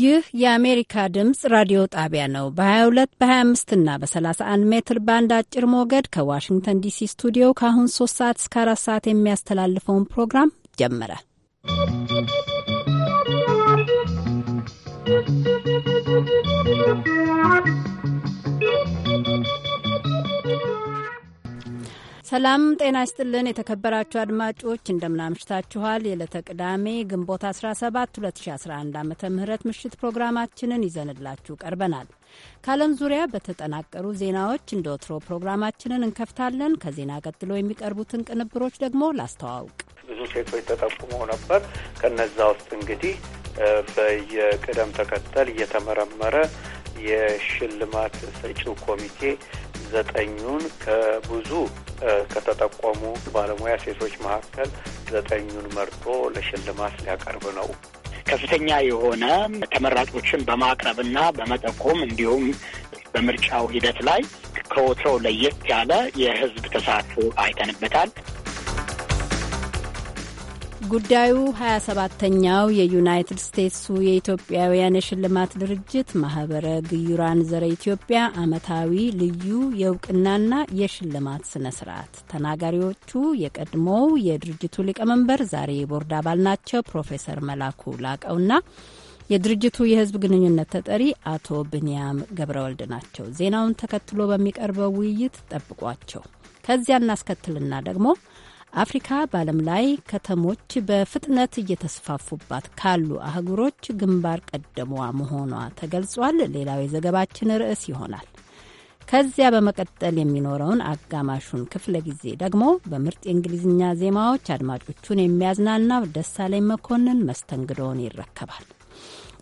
ይህ የአሜሪካ ድምፅ ራዲዮ ጣቢያ ነው። በ22 በ25 እና በ31 ሜትር ባንድ አጭር ሞገድ ከዋሽንግተን ዲሲ ስቱዲዮ ከአሁን 3 ሰዓት እስከ 4 ሰዓት የሚያስተላልፈውን ፕሮግራም ጀመረ። ¶¶ ሰላም ጤና ይስጥልን። የተከበራችሁ አድማጮች እንደምናምሽታችኋል። የዕለተ ቅዳሜ ግንቦት 17 2011 ዓ ም ምሽት ፕሮግራማችንን ይዘንላችሁ ቀርበናል። ከዓለም ዙሪያ በተጠናቀሩ ዜናዎች እንደ ወትሮ ፕሮግራማችንን እንከፍታለን። ከዜና ቀጥሎ የሚቀርቡትን ቅንብሮች ደግሞ ላስተዋውቅ። ብዙ ሴቶች ተጠቁመው ነበር። ከነዛ ውስጥ እንግዲህ በየቅደም ተከተል እየተመረመረ የሽልማት ሰጪው ኮሚቴ ዘጠኙን ከብዙ ከተጠቆሙ ባለሙያ ሴቶች መካከል ዘጠኙን መርጦ ለሽልማት ሊያቀርብ ነው። ከፍተኛ የሆነ ተመራጮችን በማቅረብና በመጠቆም እንዲሁም በምርጫው ሂደት ላይ ከወትሮው ለየት ያለ የሕዝብ ተሳትፎ አይተንበታል። ጉዳዩ 27ተኛው የዩናይትድ ስቴትሱ የኢትዮጵያውያን የሽልማት ድርጅት ማህበረ ግዩራን ዘረ ኢትዮጵያ ዓመታዊ ልዩ የእውቅናና የሽልማት ስነ ስርዓት ተናጋሪዎቹ የቀድሞው የድርጅቱ ሊቀመንበር ዛሬ የቦርድ አባል ናቸው ፕሮፌሰር መላኩ ላቀውና የድርጅቱ የሕዝብ ግንኙነት ተጠሪ አቶ ብንያም ገብረወልድ ናቸው። ዜናውን ተከትሎ በሚቀርበው ውይይት ጠብቋቸው። ከዚያ እናስከትልና ደግሞ አፍሪካ በዓለም ላይ ከተሞች በፍጥነት እየተስፋፉባት ካሉ አህጉሮች ግንባር ቀደሟ መሆኗ ተገልጿል። ሌላው የዘገባችን ርዕስ ይሆናል። ከዚያ በመቀጠል የሚኖረውን አጋማሹን ክፍለ ጊዜ ደግሞ በምርጥ የእንግሊዝኛ ዜማዎች አድማጮቹን የሚያዝናናው ደሳለኝ መኮንን መስተንግዶውን ይረከባል።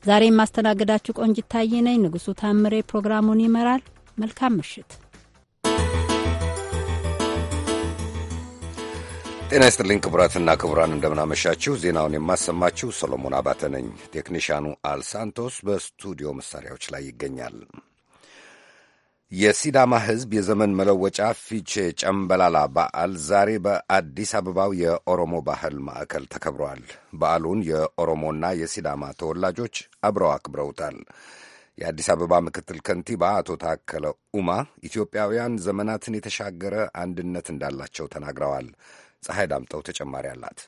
ዛሬ የማስተናግዳችሁ ቆንጂት ታየ ነኝ። ንጉሱ ታምሬ ፕሮግራሙን ይመራል። መልካም ምሽት። ጤና ይስጥልኝ ክቡራትና ክቡራን፣ እንደምናመሻችሁ። ዜናውን የማሰማችሁ ሰሎሞን አባተ ነኝ። ቴክኒሽያኑ አልሳንቶስ በስቱዲዮ መሳሪያዎች ላይ ይገኛል። የሲዳማ ሕዝብ የዘመን መለወጫ ፊቼ ጨምበላላ በዓል ዛሬ በአዲስ አበባው የኦሮሞ ባህል ማዕከል ተከብሯል። በዓሉን የኦሮሞና የሲዳማ ተወላጆች አብረው አክብረውታል። የአዲስ አበባ ምክትል ከንቲባ አቶ ታከለ ኡማ ኢትዮጵያውያን ዘመናትን የተሻገረ አንድነት እንዳላቸው ተናግረዋል። ፀሐይ ዳምጠው ተጨማሪ አላት።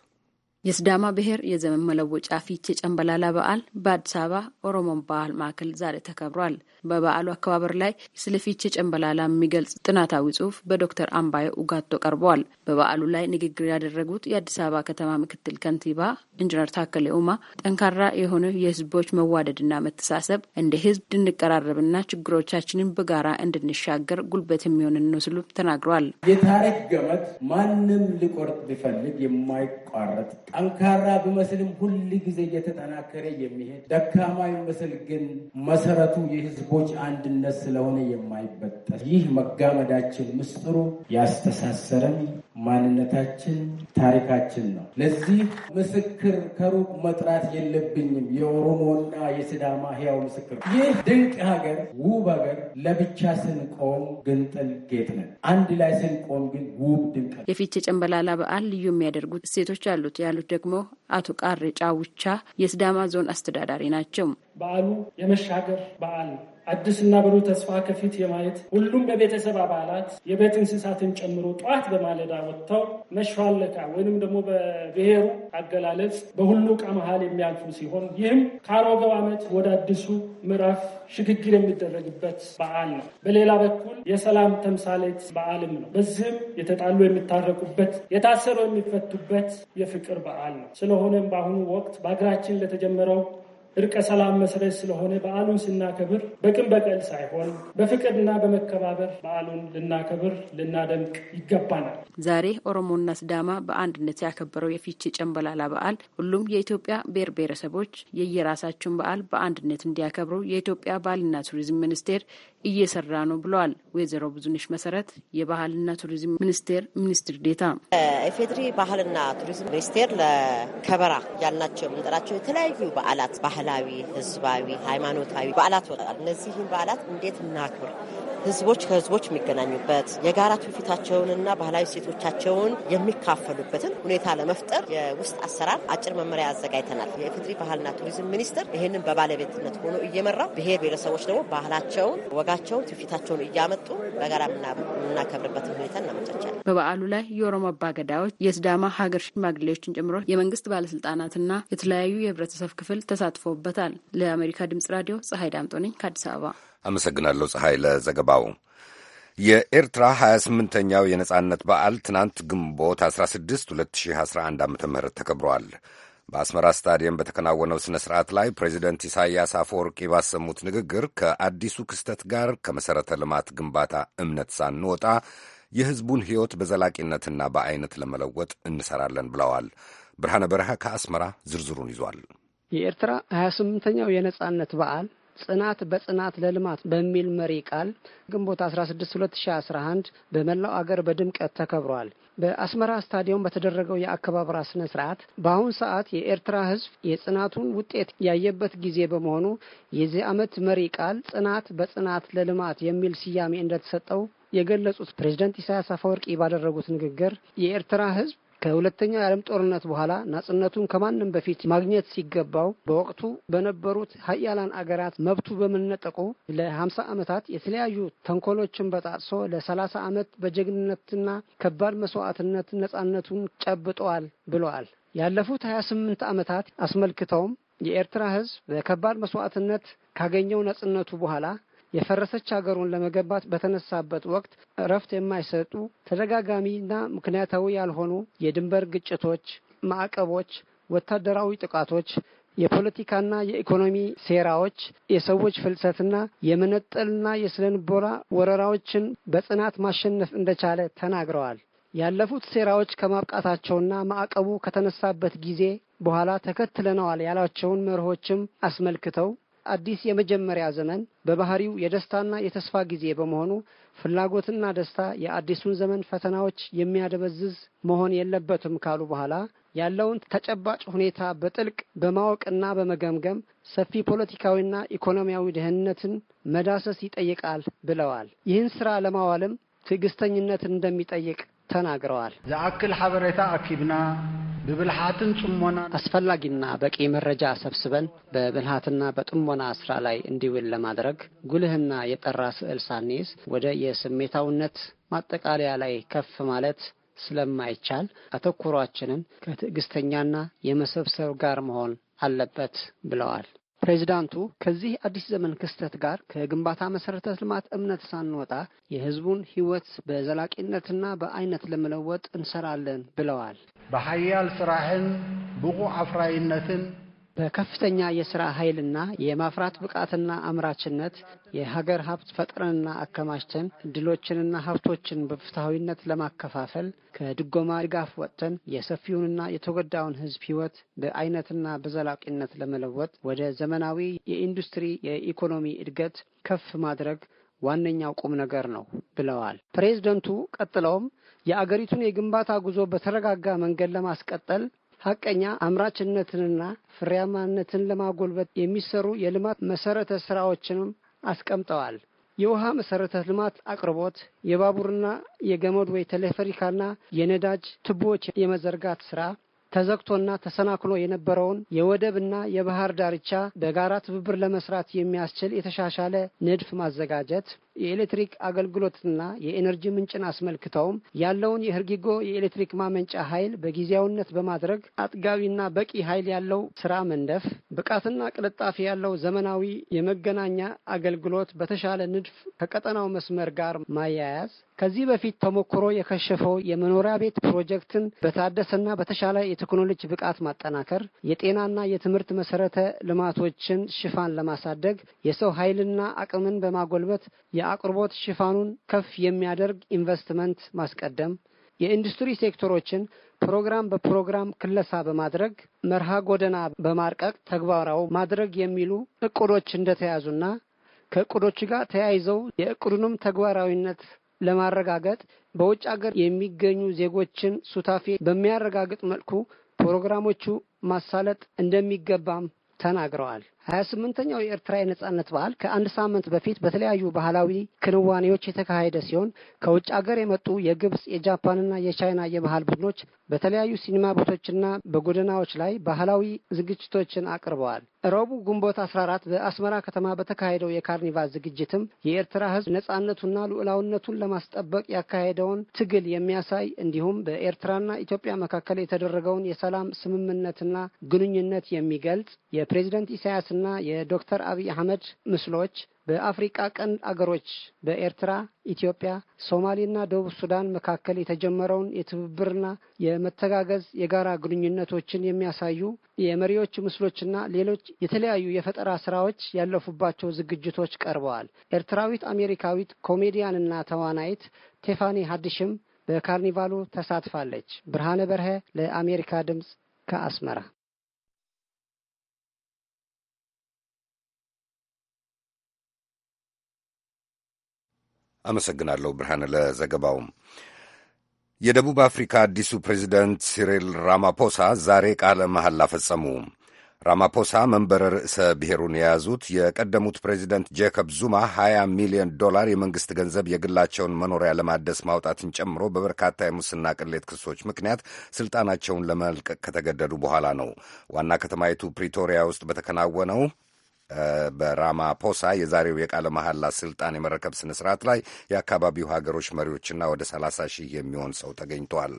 የስዳማ ብሔር የዘመን መለወጫ ፊቼ ጨምበላላ በዓል በአዲስ አበባ ኦሮሞን ባህል ማዕከል ዛሬ ተከብሯል። በበዓሉ አከባበር ላይ ስለ ፊቼ ጨምበላላ የሚገልጽ ጥናታዊ ጽሑፍ በዶክተር አምባየ ኡጋቶ ቀርበዋል። በበዓሉ ላይ ንግግር ያደረጉት የአዲስ አበባ ከተማ ምክትል ከንቲባ ኢንጂነር ታከሌ ኡማ ጠንካራ የሆነ የህዝቦች መዋደድና መተሳሰብ እንደ ህዝብ እንድንቀራረብና ችግሮቻችንን በጋራ እንድንሻገር ጉልበት የሚሆንን ነው ሲሉ ተናግረዋል። የታሪክ ገመድ ማንም ሊቆርጥ ቢፈልግ የማይቋረጥ ጠንካራ ቢመስልም ሁል ጊዜ እየተጠናከረ የሚሄድ ደካማ ይመስል ግን መሰረቱ የህዝቦች አንድነት ስለሆነ የማይበጠስ ይህ መጋመዳችን ምስጢሩ ያስተሳሰረን ማንነታችን፣ ታሪካችን ነው። ለዚህ ምስክር ከሩቅ መጥራት የለብኝም። የኦሮሞና የስዳማ ህያው ምስክር ይህ ድንቅ ሀገር፣ ውብ ሀገር ለብቻ ስንቆም ግንጥል ጌጥ ነን። አንድ ላይ ስንቆም ግን ውብ ድንቅ የፊቼ ጨንበላላ በዓል ልዩ የሚያደርጉት እሴቶች አሉት ያሉት ደግሞ አቶ ቃሬ ጫውቻ የስዳማ ዞን አስተዳዳሪ ናቸው። በዓሉ የመሻገር በዓል ነው። አዲስና ብሩህ ተስፋ ከፊት የማየት ሁሉም በቤተሰብ አባላት የቤት እንስሳትን ጨምሮ ጠዋት በማለዳ ወጥተው መሿለካ ወይንም ደግሞ በብሔሩ አገላለጽ በሁሉ ዕቃ መሃል የሚያልፉ ሲሆን ይህም ከአሮጌው ዓመት ወደ አዲሱ ምዕራፍ ሽግግር የሚደረግበት በዓል ነው። በሌላ በኩል የሰላም ተምሳሌት በዓልም ነው። በዚህም የተጣሉ የሚታረቁበት፣ የታሰሩ የሚፈቱበት የፍቅር በዓል ነው። ስለሆነም በአሁኑ ወቅት በሀገራችን ለተጀመረው እርቀ ሰላም መሰረት ስለሆነ በዓሉን ስናከብር በቅን በቀል ሳይሆን በፍቅርና በመከባበር በዓሉን ልናከብር ልናደምቅ ይገባናል። ዛሬ ኦሮሞና ስዳማ በአንድነት ያከበረው የፊቺ ጨንበላላ በዓል ሁሉም የኢትዮጵያ ብሔር ብሔረሰቦች የየራሳቸውን በዓል በአንድነት እንዲያከብሩ የኢትዮጵያ ባህልና ቱሪዝም ሚኒስቴር እየሰራ ነው ብለዋል ወይዘሮ ብዙንሽ መሰረት የባህልና ቱሪዝም ሚኒስቴር ሚኒስትር ዴታ። ኢፌድሪ ባህልና ቱሪዝም ሚኒስቴር ለከበራ ያልናቸው የምንጠራቸው የተለያዩ በዓላት ባህላዊ፣ ህዝባዊ፣ ሃይማኖታዊ በዓላት ወጣል። እነዚህን በዓላት እንዴት እናክብር ህዝቦች ከህዝቦች የሚገናኙበት የጋራ ትውፊታቸውንና ባህላዊ ሴቶቻቸውን የሚካፈሉበትን ሁኔታ ለመፍጠር የውስጥ አሰራር አጭር መመሪያ አዘጋጅተናል። የኢፌዴሪ ባህልና ቱሪዝም ሚኒስቴር ይህንን በባለቤትነት ሆኖ እየመራ ብሔር ብሔረሰቦች ደግሞ ባህላቸውን፣ ወጋቸውን፣ ትውፊታቸውን እያመጡ በጋራ የምናከብርበትን ሁኔታ እናመቻቻለን። በበዓሉ ላይ የኦሮሞ አባገዳዮች፣ የስዳማ ሀገር ሽማግሌዎችን ጨምሮ የመንግስት ባለስልጣናትና የተለያዩ የህብረተሰብ ክፍል ተሳትፎበታል። ለአሜሪካ ድምጽ ራዲዮ ፀሐይ ዳምጦ ነኝ ከአዲስ አበባ። አመሰግናለሁ ፀሐይ ለዘገባው። የኤርትራ 28ኛው የነጻነት በዓል ትናንት ግንቦት 16 2011 ዓ ም ተከብሯል። በአስመራ ስታዲየም በተከናወነው ሥነ ሥርዓት ላይ ፕሬዚደንት ኢሳይያስ አፈወርቂ ባሰሙት ንግግር ከአዲሱ ክስተት ጋር ከመሠረተ ልማት ግንባታ እምነት ሳንወጣ የሕዝቡን ሕይወት በዘላቂነትና በአይነት ለመለወጥ እንሠራለን ብለዋል። ብርሃነ በረሃ ከአስመራ ዝርዝሩን ይዟል። የኤርትራ 28ኛው የነጻነት በዓል ጽናት በጽናት ለልማት በሚል መሪ ቃል ግንቦት 16 2011 በመላው አገር በድምቀት ተከብሯል። በአስመራ ስታዲየም በተደረገው የአከባበራ ስነ ስርዓት በአሁን ሰዓት የኤርትራ ሕዝብ የጽናቱን ውጤት ያየበት ጊዜ በመሆኑ የዚህ ዓመት መሪ ቃል ጽናት በጽናት ለልማት የሚል ስያሜ እንደተሰጠው የገለጹት ፕሬዝደንት ኢሳያስ አፈወርቂ ባደረጉት ንግግር የኤርትራ ሕዝብ ከሁለተኛው የዓለም ጦርነት በኋላ ናጽነቱን ከማንም በፊት ማግኘት ሲገባው በወቅቱ በነበሩት ሀያላን አገራት መብቱ በመነጠቁ ለሀምሳ ዓመታት የተለያዩ ተንኮሎችን በጣጥሶ ለሰላሳ ዓመት በጀግንነትና ከባድ መስዋዕትነት ነጻነቱን ጨብጠዋል ብለዋል። ያለፉት ሀያ ስምንት ዓመታት አስመልክተውም የኤርትራ ሕዝብ በከባድ መስዋዕትነት ካገኘው ነጻነቱ በኋላ የፈረሰች ሀገሩን ለመገንባት በተነሳበት ወቅት እረፍት የማይሰጡ ተደጋጋሚና ምክንያታዊ ያልሆኑ የድንበር ግጭቶች፣ ማዕቀቦች፣ ወታደራዊ ጥቃቶች፣ የፖለቲካና የኢኮኖሚ ሴራዎች፣ የሰዎች ፍልሰትና የመነጠልና የስለንቦና ወረራዎችን በጽናት ማሸነፍ እንደቻለ ተናግረዋል። ያለፉት ሴራዎች ከማብቃታቸውና ማዕቀቡ ከተነሳበት ጊዜ በኋላ ተከትለነዋል ያሏቸውን መርሆችም አስመልክተው አዲስ የመጀመሪያ ዘመን በባህሪው የደስታና የተስፋ ጊዜ በመሆኑ ፍላጎትና ደስታ የአዲሱን ዘመን ፈተናዎች የሚያደበዝዝ መሆን የለበትም ካሉ በኋላ ያለውን ተጨባጭ ሁኔታ በጥልቅ በማወቅና በመገምገም ሰፊ ፖለቲካዊና ኢኮኖሚያዊ ደህንነትን መዳሰስ ይጠይቃል ብለዋል። ይህን ስራ ለማዋልም ትዕግስተኝነትን እንደሚጠይቅ ተናግረዋል። ዘአክል ሐበሬታ አኪብና ብብልሃትን ጽሞና አስፈላጊና በቂ መረጃ ሰብስበን በብልሃትና በጥሞና ስራ ላይ እንዲውል ለማድረግ ጉልህና የጠራ ስዕል ሳንይዝ ወደ የስሜታውነት ማጠቃለያ ላይ ከፍ ማለት ስለማይቻል አተኩሯችንን ከትዕግስተኛና የመሰብሰብ ጋር መሆን አለበት ብለዋል። ፕሬዚዳንቱ ከዚህ አዲስ ዘመን ክስተት ጋር ከግንባታ መሰረተ ልማት እምነት ሳንወጣ የህዝቡን ህይወት በዘላቂነትና በአይነት ለመለወጥ እንሰራለን ብለዋል። በሀያል ስራህን ብቁ አፍራይነትን በከፍተኛ የስራ ኃይልና የማፍራት ብቃትና አምራችነት የሀገር ሀብት ፈጥረንና አከማችተን እድሎችንና ሀብቶችን በፍትሐዊነት ለማከፋፈል ከድጎማ ድጋፍ ወጥተን የሰፊውንና የተጎዳውን ሕዝብ ህይወት በአይነትና በዘላቂነት ለመለወጥ ወደ ዘመናዊ የኢንዱስትሪ የኢኮኖሚ እድገት ከፍ ማድረግ ዋነኛው ቁም ነገር ነው ብለዋል ፕሬዝደንቱ። ቀጥለውም የአገሪቱን የግንባታ ጉዞ በተረጋጋ መንገድ ለማስቀጠል ሀቀኛ አምራችነትንና ፍሬያማነትን ለማጎልበት የሚሰሩ የልማት መሰረተ ስራዎችንም አስቀምጠዋል። የውሃ መሰረተ ልማት አቅርቦት፣ የባቡርና የገመድ ወይ ቴሌፈሪካና የነዳጅ ቱቦዎች የመዘርጋት ስራ ተዘግቶና ተሰናክሎ የነበረውን የወደብና የባህር ዳርቻ በጋራ ትብብር ለመስራት የሚያስችል የተሻሻለ ንድፍ ማዘጋጀት፣ የኤሌክትሪክ አገልግሎትና የኤነርጂ ምንጭን አስመልክተውም ያለውን የህርጊጎ የኤሌክትሪክ ማመንጫ ኃይል በጊዜያዊነት በማድረግ አጥጋቢና በቂ ኃይል ያለው ስራ መንደፍ፣ ብቃትና ቅልጣፌ ያለው ዘመናዊ የመገናኛ አገልግሎት በተሻለ ንድፍ ከቀጠናው መስመር ጋር ማያያዝ ከዚህ በፊት ተሞክሮ የከሸፈው የመኖሪያ ቤት ፕሮጀክትን በታደሰና በተሻለ የቴክኖሎጂ ብቃት ማጠናከር፣ የጤናና የትምህርት መሰረተ ልማቶችን ሽፋን ለማሳደግ፣ የሰው ኃይልና አቅምን በማጎልበት የአቅርቦት ሽፋኑን ከፍ የሚያደርግ ኢንቨስትመንት ማስቀደም፣ የኢንዱስትሪ ሴክተሮችን ፕሮግራም በፕሮግራም ክለሳ በማድረግ መርሃ ጎደና በማርቀቅ ተግባራዊ ማድረግ የሚሉ እቅዶች እንደተያዙና ከእቅዶቹ ጋር ተያይዘው የእቅዱንም ተግባራዊነት ለማረጋገጥ በውጭ ሀገር የሚገኙ ዜጎችን ሱታፌ በሚያረጋግጥ መልኩ ፕሮግራሞቹ ማሳለጥ እንደሚገባም ተናግረዋል። ሀያ ስምንተኛው የኤርትራ የነጻነት በዓል ከአንድ ሳምንት በፊት በተለያዩ ባህላዊ ክንዋኔዎች የተካሄደ ሲሆን ከውጭ ሀገር የመጡ የግብፅ የጃፓንና የቻይና የባህል ቡድኖች በተለያዩ ሲኒማ ቤቶችና በጎደናዎች ላይ ባህላዊ ዝግጅቶችን አቅርበዋል። ጉንቦት ግንቦት 14 በአስመራ ከተማ በተካሄደው የካርኒቫል ዝግጅትም የኤርትራ ሕዝብ ነጻነቱና ሉዓላዊነቱን ለማስጠበቅ ያካሄደውን ትግል የሚያሳይ እንዲሁም በኤርትራና ኢትዮጵያ መካከል የተደረገውን የሰላም ስምምነትና ግንኙነት የሚገልጽ የፕሬዝደንት ኢሳያስ እና የዶክተር አብይ አህመድ ምስሎች በአፍሪቃ ቀንድ አገሮች በኤርትራ፣ ኢትዮጵያ፣ ሶማሌና ደቡብ ሱዳን መካከል የተጀመረውን የትብብርና የመተጋገዝ የጋራ ግንኙነቶችን የሚያሳዩ የመሪዎች ምስሎችና ሌሎች የተለያዩ የፈጠራ ስራዎች ያለፉባቸው ዝግጅቶች ቀርበዋል። ኤርትራዊት አሜሪካዊት ኮሜዲያንና ተዋናይት ቴፋኒ ሀዲሽም በካርኒቫሉ ተሳትፋለች። ብርሃነ በርሀ ለአሜሪካ ድምፅ ከአስመራ አመሰግናለሁ ብርሃን ለዘገባው የደቡብ አፍሪካ አዲሱ ፕሬዚደንት ሲሪል ራማፖሳ ዛሬ ቃለ መሐላ ፈጸሙ። ራማፖሳ መንበረ ርዕሰ ብሔሩን የያዙት የቀደሙት ፕሬዚደንት ጄኮብ ዙማ 20 ሚሊዮን ዶላር የመንግሥት ገንዘብ የግላቸውን መኖሪያ ለማደስ ማውጣትን ጨምሮ በበርካታ የሙስና ቅሌት ክሶች ምክንያት ሥልጣናቸውን ለመልቀቅ ከተገደዱ በኋላ ነው። ዋና ከተማይቱ ፕሪቶሪያ ውስጥ በተከናወነው በራማ ፖሳ የዛሬው የቃለ መሐላ ስልጣን የመረከብ ስነ ስርዓት ላይ የአካባቢው ሀገሮች መሪዎችና ወደ ሰላሳ ሺህ የሚሆን ሰው ተገኝቷል።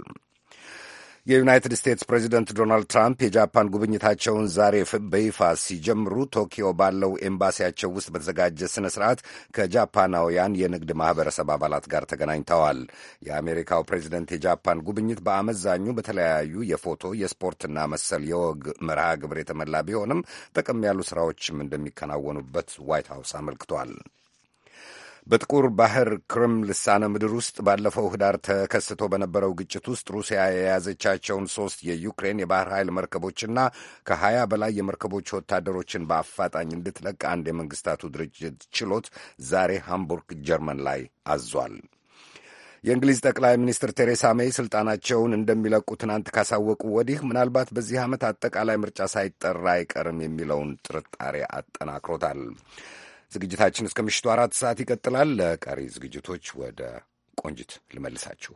የዩናይትድ ስቴትስ ፕሬዚደንት ዶናልድ ትራምፕ የጃፓን ጉብኝታቸውን ዛሬ በይፋ ሲጀምሩ ቶኪዮ ባለው ኤምባሲያቸው ውስጥ በተዘጋጀ ስነ ስርዓት ከጃፓናውያን የንግድ ማህበረሰብ አባላት ጋር ተገናኝተዋል። የአሜሪካው ፕሬዚደንት የጃፓን ጉብኝት በአመዛኙ በተለያዩ የፎቶ የስፖርትና መሰል የወግ መርሃ ግብር የተሞላ ቢሆንም ጠቀም ያሉ ስራዎችም እንደሚከናወኑበት ዋይት ሀውስ አመልክቷል። በጥቁር ባህር ክርም ልሳነ ምድር ውስጥ ባለፈው ህዳር ተከስቶ በነበረው ግጭት ውስጥ ሩሲያ የያዘቻቸውን ሶስት የዩክሬን የባህር ኃይል መርከቦችና ከሀያ በላይ የመርከቦች ወታደሮችን በአፋጣኝ እንድትለቅ አንድ የመንግስታቱ ድርጅት ችሎት ዛሬ ሃምቡርግ ጀርመን ላይ አዟል። የእንግሊዝ ጠቅላይ ሚኒስትር ቴሬሳ ሜይ ስልጣናቸውን እንደሚለቁ ትናንት ካሳወቁ ወዲህ ምናልባት በዚህ ዓመት አጠቃላይ ምርጫ ሳይጠራ አይቀርም የሚለውን ጥርጣሬ አጠናክሮታል። ዝግጅታችን እስከ ምሽቱ አራት ሰዓት ይቀጥላል። ለቀሪ ዝግጅቶች ወደ ቆንጅት ልመልሳችሁ።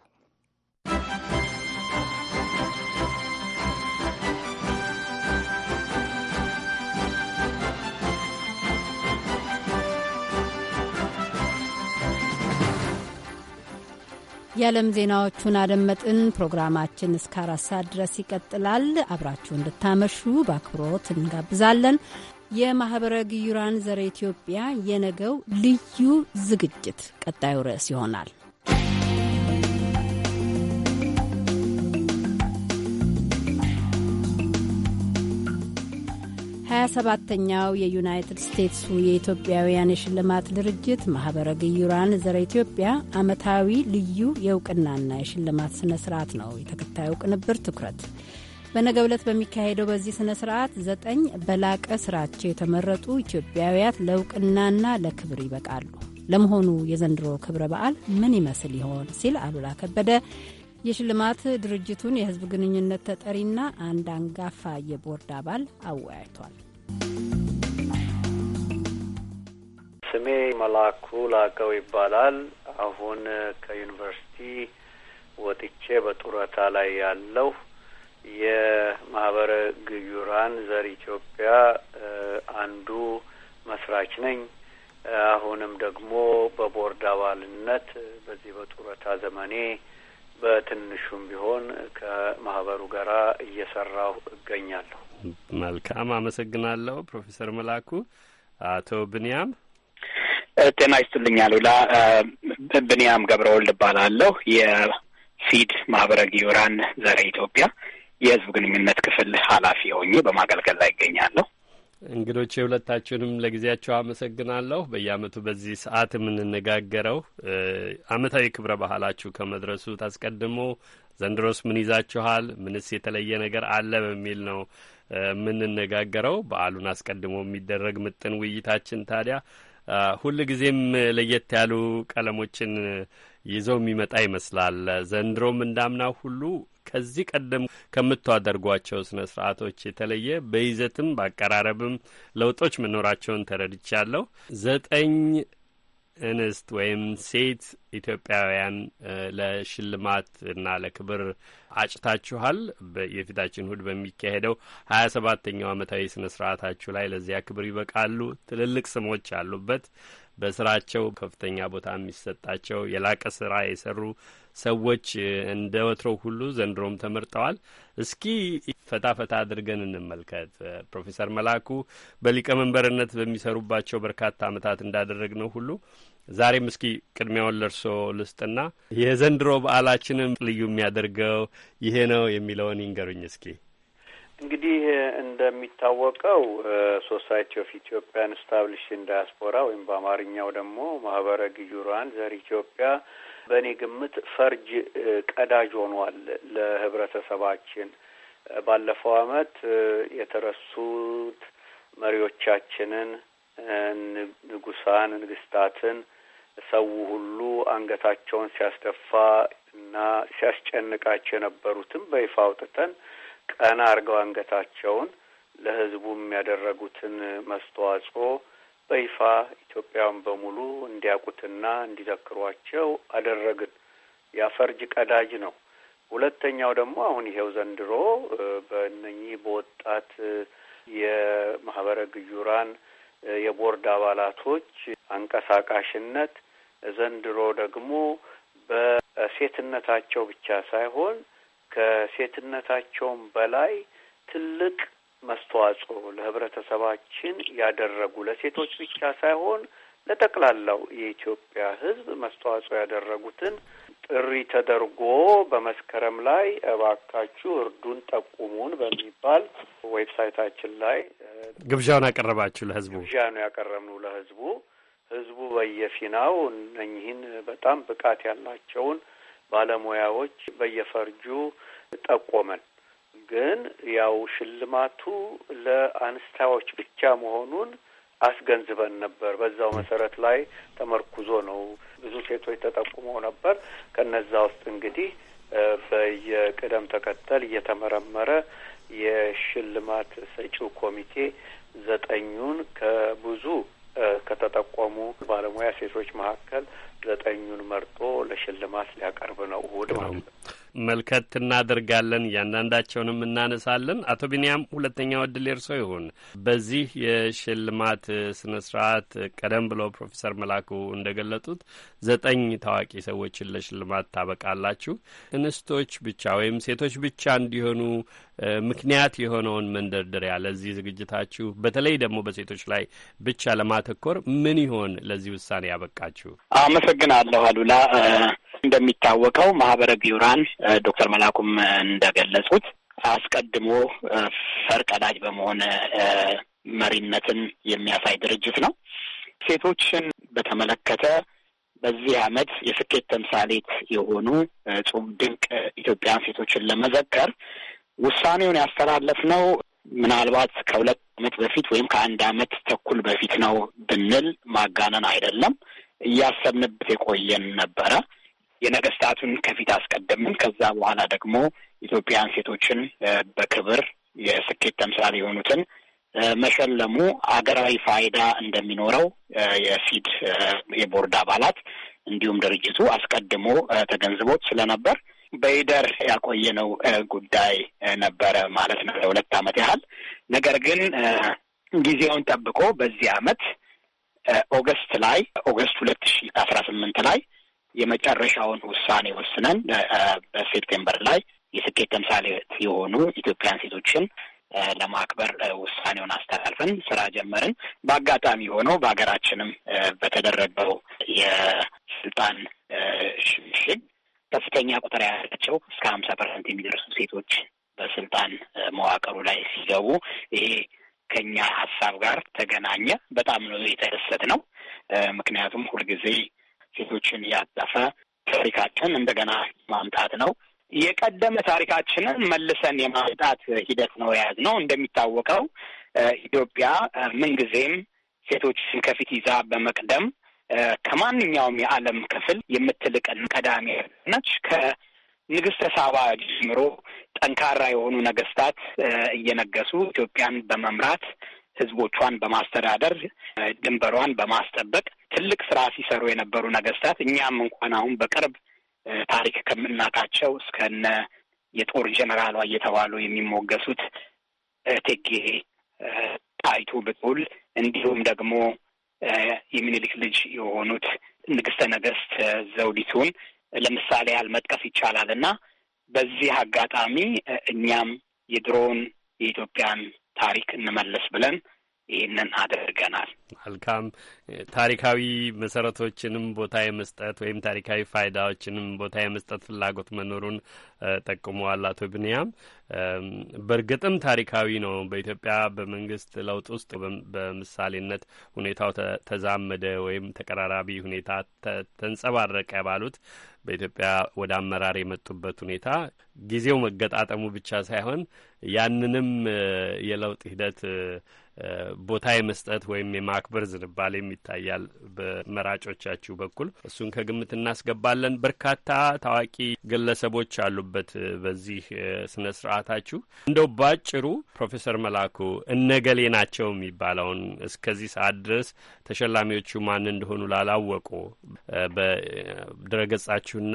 የዓለም ዜናዎቹን አደመጥን። ፕሮግራማችን እስከ አራት ሰዓት ድረስ ይቀጥላል። አብራችሁ እንድታመሹ በአክብሮት እንጋብዛለን። የማኅበረ ግዩራን ዘረ ኢትዮጵያ የነገው ልዩ ዝግጅት ቀጣዩ ርዕስ ይሆናል። ሀያ ሰባተኛው የዩናይትድ ስቴትሱ የኢትዮጵያውያን የሽልማት ድርጅት ማኅበረ ግዩራን ዘረ ኢትዮጵያ ዓመታዊ ልዩ የእውቅናና የሽልማት ስነ ስርዓት ነው የተከታዩ ቅንብር ትኩረት። በነገብለት ዕለት በሚካሄደው በዚህ ስነ ስርዓት ዘጠኝ በላቀ ስራቸው የተመረጡ ኢትዮጵያውያት ለእውቅናና ለክብር ይበቃሉ። ለመሆኑ የዘንድሮ ክብረ በዓል ምን ይመስል ይሆን ሲል አሉላ ከበደ የሽልማት ድርጅቱን የህዝብ ግንኙነት ተጠሪና አንድ አንጋፋ የቦርድ አባል አወያይቷል። ስሜ መላኩ ላቀው ይባላል። አሁን ከዩኒቨርሲቲ ወጥቼ በጡረታ ላይ ያለው የማህበረ ግዩራን ዘር ኢትዮጵያ አንዱ መስራች ነኝ። አሁንም ደግሞ በቦርድ አባልነት በዚህ በጡረታ ዘመኔ በትንሹም ቢሆን ከማህበሩ ጋራ እየሰራሁ እገኛለሁ። መልካም አመሰግናለሁ ፕሮፌሰር መላኩ። አቶ ብንያም ጤና ይስጥልኝ። አሉላ ብንያም ገብረወልድ እባላለሁ የፊድ ማህበረ ጊዮራን ዘረ ኢትዮጵያ የህዝብ ግንኙነት ክፍል ኃላፊ ሆኜ በማገልገል ላይ ይገኛለሁ። እንግዶች የሁለታችሁንም ለጊዜያቸው አመሰግናለሁ። በየአመቱ በዚህ ሰዓት የምንነጋገረው አመታዊ ክብረ ባህላችሁ ከመድረሱ አስቀድሞ ዘንድሮስ ምን ይዛችኋል፣ ምንስ የተለየ ነገር አለ በሚል ነው የምንነጋገረው። በዓሉን አስቀድሞ የሚደረግ ምጥን ውይይታችን ታዲያ ሁል ጊዜም ለየት ያሉ ቀለሞችን ይዘው የሚመጣ ይመስላል። ዘንድሮም እንዳምናው ሁሉ ከዚህ ቀደም ከምታደርጓቸው ስነ ስርዓቶች የተለየ በይዘትም በአቀራረብም ለውጦች መኖራቸውን ተረድቻለሁ። ዘጠኝ እንስት ወይም ሴት ኢትዮጵያውያን ለሽልማት እና ለክብር አጭታችኋል። የፊታችን እሁድ በሚካሄደው ሀያ ሰባተኛው አመታዊ ስነ ስርዓታችሁ ላይ ለዚያ ክብር ይበቃሉ። ትልልቅ ስሞች ያሉበት በስራቸው ከፍተኛ ቦታ የሚሰጣቸው የላቀ ስራ የሰሩ ሰዎች እንደ ወትሮው ሁሉ ዘንድሮም ተመርጠዋል። እስኪ ፈታፈታ አድርገን እንመልከት። ፕሮፌሰር መላኩ በሊቀመንበርነት በሚሰሩባቸው በርካታ ዓመታት ነው ሁሉ ዛሬም እስኪ ቅድሚያውን ለርሶ ልስጥና የዘንድሮ በዓላችንን ልዩ የሚያደርገው ይሄ ነው የሚለውን ይንገሩኝ እስኪ። እንግዲህ እንደሚታወቀው ሶሳይቲ ኦፍ ኢትዮጵያን ስታብሊሽን ዳያስፖራ ወይም በአማርኛው ደግሞ ማህበረ ግዩራን ዘር ኢትዮጵያ በእኔ ግምት ፈርጅ ቀዳጅ ሆኗል ለህብረተሰባችን። ባለፈው አመት የተረሱት መሪዎቻችንን፣ ንጉሳን፣ ንግስታትን ሰው ሁሉ አንገታቸውን ሲያስደፋ እና ሲያስጨንቃቸው የነበሩትም በይፋ አውጥተን ቀና አርገው አንገታቸውን ለህዝቡ የሚያደረጉትን መስተዋጽኦ በይፋ ኢትዮጵያውያን በሙሉ እንዲያውቁትና እንዲዘክሯቸው አደረግን። ያፈርጅ ፈርጅ ቀዳጅ ነው። ሁለተኛው ደግሞ አሁን ይሄው ዘንድሮ በእነኚህ በወጣት የማህበረ ግዩራን የቦርድ አባላቶች አንቀሳቃሽነት ዘንድሮ ደግሞ በሴትነታቸው ብቻ ሳይሆን ከሴትነታቸውም በላይ ትልቅ መስተዋጽኦ ለህብረተሰባችን ያደረጉ ለሴቶች ብቻ ሳይሆን ለጠቅላላው የኢትዮጵያ ህዝብ መስተዋጽኦ ያደረጉትን ጥሪ ተደርጎ በመስከረም ላይ እባካችሁ እርዱን ጠቁሙን በሚባል ዌብሳይታችን ላይ ግብዣውን ያቀረባችሁ ለህዝቡ ግብዣ ነው ያቀረብነው ለህዝቡ። ህዝቡ በየፊናው እነኚህን በጣም ብቃት ያላቸውን ባለሙያዎች በየፈርጁ ጠቆመን። ግን ያው ሽልማቱ ለአንስታዎች ብቻ መሆኑን አስገንዝበን ነበር። በዛው መሰረት ላይ ተመርኩዞ ነው ብዙ ሴቶች ተጠቁመው ነበር። ከነዛ ውስጥ እንግዲህ በየቅደም ተከተል እየተመረመረ የሽልማት ሰጪው ኮሚቴ ዘጠኙን ከብዙ ከተጠቆሙ ባለሙያ ሴቶች መካከል ዘጠኙን መርጦ ለሽልማት ሊያቀርብ ነው እሁድ ማለት ነው። መልከት እናደርጋለን። እያንዳንዳቸውንም እናነሳለን። አቶ ቢንያም ሁለተኛ ወድል የርሶ ይሁን። በዚህ የሽልማት ስነ ስርዓት ቀደም ብሎ ፕሮፌሰር መላኩ እንደ ገለጡት ዘጠኝ ታዋቂ ሰዎችን ለሽልማት ታበቃላችሁ። እንስቶች ብቻ ወይም ሴቶች ብቻ እንዲሆኑ ምክንያት የሆነውን መንደርደሪያ ለዚህ ዝግጅታችሁ በተለይ ደግሞ በሴቶች ላይ ብቻ ለማተኮር ምን ይሆን ለዚህ ውሳኔ ያበቃችሁ? አመሰግናለሁ አሉላ። እንደሚታወቀው ማህበረ ቢውራን ዶክተር መላኩም እንደገለጹት አስቀድሞ ፈርቀዳጅ በመሆን መሪነትን የሚያሳይ ድርጅት ነው። ሴቶችን በተመለከተ በዚህ አመት የስኬት ተምሳሌት የሆኑ ጹም ድንቅ ኢትዮጵያን ሴቶችን ለመዘከር ውሳኔውን ያስተላለፍ ነው ምናልባት ከሁለት አመት በፊት ወይም ከአንድ አመት ተኩል በፊት ነው ብንል ማጋነን አይደለም። እያሰብንበት የቆየን ነበረ። የነገስታቱን ከፊት አስቀድምን ከዛ በኋላ ደግሞ ኢትዮጵያን ሴቶችን በክብር የስኬት ተምሳሌ የሆኑትን መሸለሙ አገራዊ ፋይዳ እንደሚኖረው የሲድ የቦርድ አባላት እንዲሁም ድርጅቱ አስቀድሞ ተገንዝቦት ስለነበር በይደር ያቆየነው ጉዳይ ነበረ ማለት ነው ለሁለት ዓመት ያህል። ነገር ግን ጊዜውን ጠብቆ በዚህ ዓመት ኦገስት ላይ ኦገስት ሁለት ሺ አስራ ስምንት ላይ የመጨረሻውን ውሳኔ ወስነን በሴፕቴምበር ላይ የስኬት ተምሳሌ የሆኑ ኢትዮጵያን ሴቶችን ለማክበር ውሳኔውን አስተላልፈን ስራ ጀመርን። በአጋጣሚ ሆኖ በሀገራችንም በተደረገው የስልጣን ሽግሽግ ከፍተኛ ቁጥር ያላቸው እስከ ሀምሳ ፐርሰንት የሚደርሱ ሴቶች በስልጣን መዋቅሩ ላይ ሲገቡ ይሄ ከኛ ሀሳብ ጋር ተገናኘ። በጣም ነው የተደሰት ነው። ምክንያቱም ሁልጊዜ ሴቶችን ያጠፈ ታሪካችን እንደገና ማምጣት ነው። የቀደመ ታሪካችንን መልሰን የማምጣት ሂደት ነው የያዝነው። እንደሚታወቀው ኢትዮጵያ ምንጊዜም ሴቶችን ከፊት ይዛ በመቅደም ከማንኛውም የዓለም ክፍል የምትልቅን ቀዳሚ ነች። ንግስተ ሳባ ጀምሮ ጠንካራ የሆኑ ነገስታት እየነገሱ ኢትዮጵያን በመምራት ህዝቦቿን በማስተዳደር ድንበሯን በማስጠበቅ ትልቅ ስራ ሲሰሩ የነበሩ ነገስታት እኛም እንኳን አሁን በቅርብ ታሪክ ከምናቃቸው እስከነ የጦር ጀነራሏ እየተባሉ የሚሞገሱት እቴጌ ጣይቱ ብጡል እንዲሁም ደግሞ የሚኒሊክ ልጅ የሆኑት ንግስተ ነገስት ዘውዲቱን ለምሳሌ ያህል መጥቀስ ይቻላል እና በዚህ አጋጣሚ እኛም የድሮውን የኢትዮጵያን ታሪክ እንመልስ ብለን ይህንን አድርገናል። መልካም ታሪካዊ መሰረቶችንም ቦታ የመስጠት ወይም ታሪካዊ ፋይዳዎችንም ቦታ የመስጠት ፍላጎት መኖሩን ጠቁመዋል አቶ ብንያም። በእርግጥም ታሪካዊ ነው። በኢትዮጵያ በመንግስት ለውጥ ውስጥ በምሳሌነት ሁኔታው ተዛመደ ወይም ተቀራራቢ ሁኔታ ተንጸባረቀ ባሉት በኢትዮጵያ ወደ አመራር የመጡበት ሁኔታ ጊዜው መገጣጠሙ ብቻ ሳይሆን ያንንም የለውጥ ሂደት ቦታ የመስጠት ወይም የማክበር ዝንባሌም ይታያል በመራጮቻችሁ በኩል። እሱን ከግምት እናስገባለን። በርካታ ታዋቂ ግለሰቦች አሉበት በዚህ ስነ ስርዓታችሁ። እንደው ባጭሩ ፕሮፌሰር መላኩ እነገሌ ናቸው የሚባለውን እስከዚህ ሰዓት ድረስ ተሸላሚዎቹ ማን እንደሆኑ ላላወቁ በድረገጻችሁና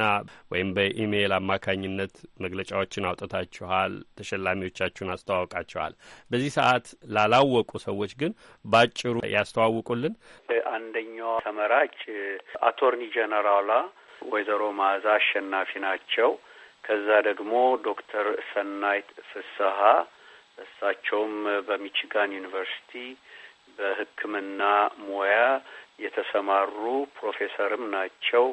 ወይም በኢሜይል አማካኝነት መግለጫዎችን አውጥታችኋል፣ ተሸላሚዎቻችሁን አስተዋውቃችኋል። በዚህ ሰዓት ላላወቁ የሚያውቁ ሰዎች ግን በአጭሩ ያስተዋውቁልን። አንደኛው ተመራጭ አቶርኒ ጀነራሏ ወይዘሮ መዓዛ አሸናፊ ናቸው። ከዛ ደግሞ ዶክተር ሰናይት ፍስሀ እሳቸውም በሚችጋን ዩኒቨርሲቲ በሕክምና ሙያ የተሰማሩ ፕሮፌሰርም ናቸው።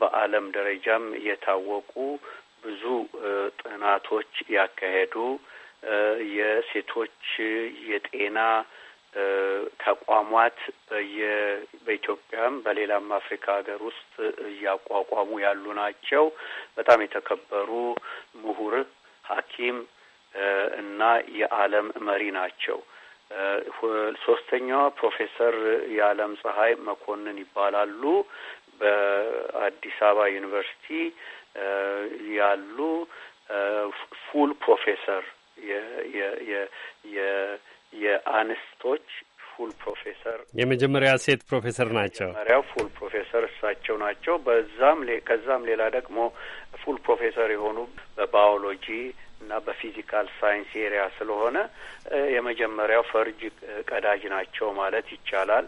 በዓለም ደረጃም የታወቁ ብዙ ጥናቶች ያካሄዱ የሴቶች የጤና ተቋማት በኢትዮጵያም በሌላም አፍሪካ ሀገር ውስጥ እያቋቋሙ ያሉ ናቸው። በጣም የተከበሩ ምሁር፣ ሐኪም እና የዓለም መሪ ናቸው። ሶስተኛዋ ፕሮፌሰር የዓለም ፀሐይ መኮንን ይባላሉ። በአዲስ አበባ ዩኒቨርሲቲ ያሉ ፉል ፕሮፌሰር የአንስቶች ፉል ፕሮፌሰር የመጀመሪያ ሴት ፕሮፌሰር ናቸው። መጀመሪያው ፉል ፕሮፌሰር እሳቸው ናቸው። በዛም ከዛም ሌላ ደግሞ ፉል ፕሮፌሰር የሆኑ በባዮሎጂ እና በፊዚካል ሳይንስ ኤሪያ ስለሆነ የመጀመሪያው ፈርጅ ቀዳጅ ናቸው ማለት ይቻላል።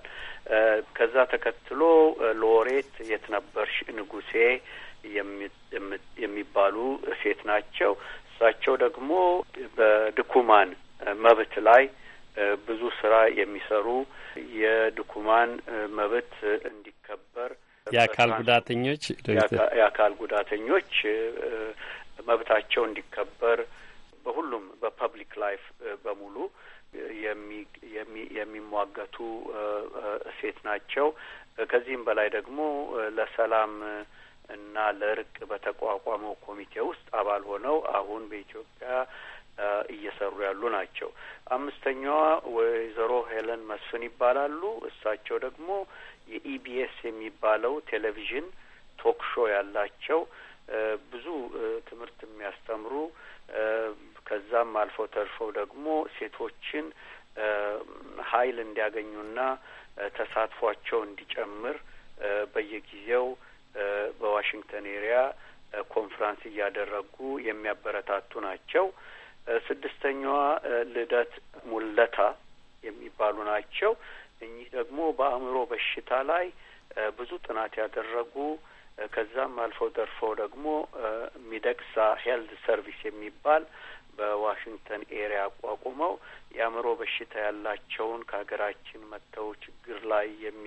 ከዛ ተከትሎ ሎሬት የትነበርሽ ንጉሴ የሚባሉ ሴት ናቸው። እሳቸው ደግሞ በድኩማን መብት ላይ ብዙ ስራ የሚሰሩ የድኩማን መብት እንዲከበር የአካል ጉዳተኞች የአካል ጉዳተኞች መብታቸው እንዲከበር በሁሉም በፐብሊክ ላይፍ በሙሉ የሚሟገቱ ሴት ናቸው። ከዚህም በላይ ደግሞ ለሰላም እና ለእርቅ በተቋቋመው ኮሚቴ ውስጥ አባል ሆነው አሁን በኢትዮጵያ እየሰሩ ያሉ ናቸው። አምስተኛዋ ወይዘሮ ሄለን መስፍን ይባላሉ። እሳቸው ደግሞ የኢቢኤስ የሚባለው ቴሌቪዥን ቶክሾ ያላቸው ብዙ ትምህርት የሚያስተምሩ ከዛም አልፎ ተርፈው ደግሞ ሴቶችን ኃይል እንዲያገኙና ተሳትፏቸው እንዲጨምር በየጊዜው በዋሽንግተን ኤሪያ ኮንፍራንስ እያደረጉ የሚያበረታቱ ናቸው። ስድስተኛዋ ልደት ሙለታ የሚባሉ ናቸው። እኚህ ደግሞ በአእምሮ በሽታ ላይ ብዙ ጥናት ያደረጉ ከዛም አልፈው ተርፈው ደግሞ ሚደቅሳ ሄልዝ ሰርቪስ የሚባል በዋሽንግተን ኤሪያ አቋቁመው የአእምሮ በሽታ ያላቸውን ከሀገራችን መጥተው ችግር ላይ የሚ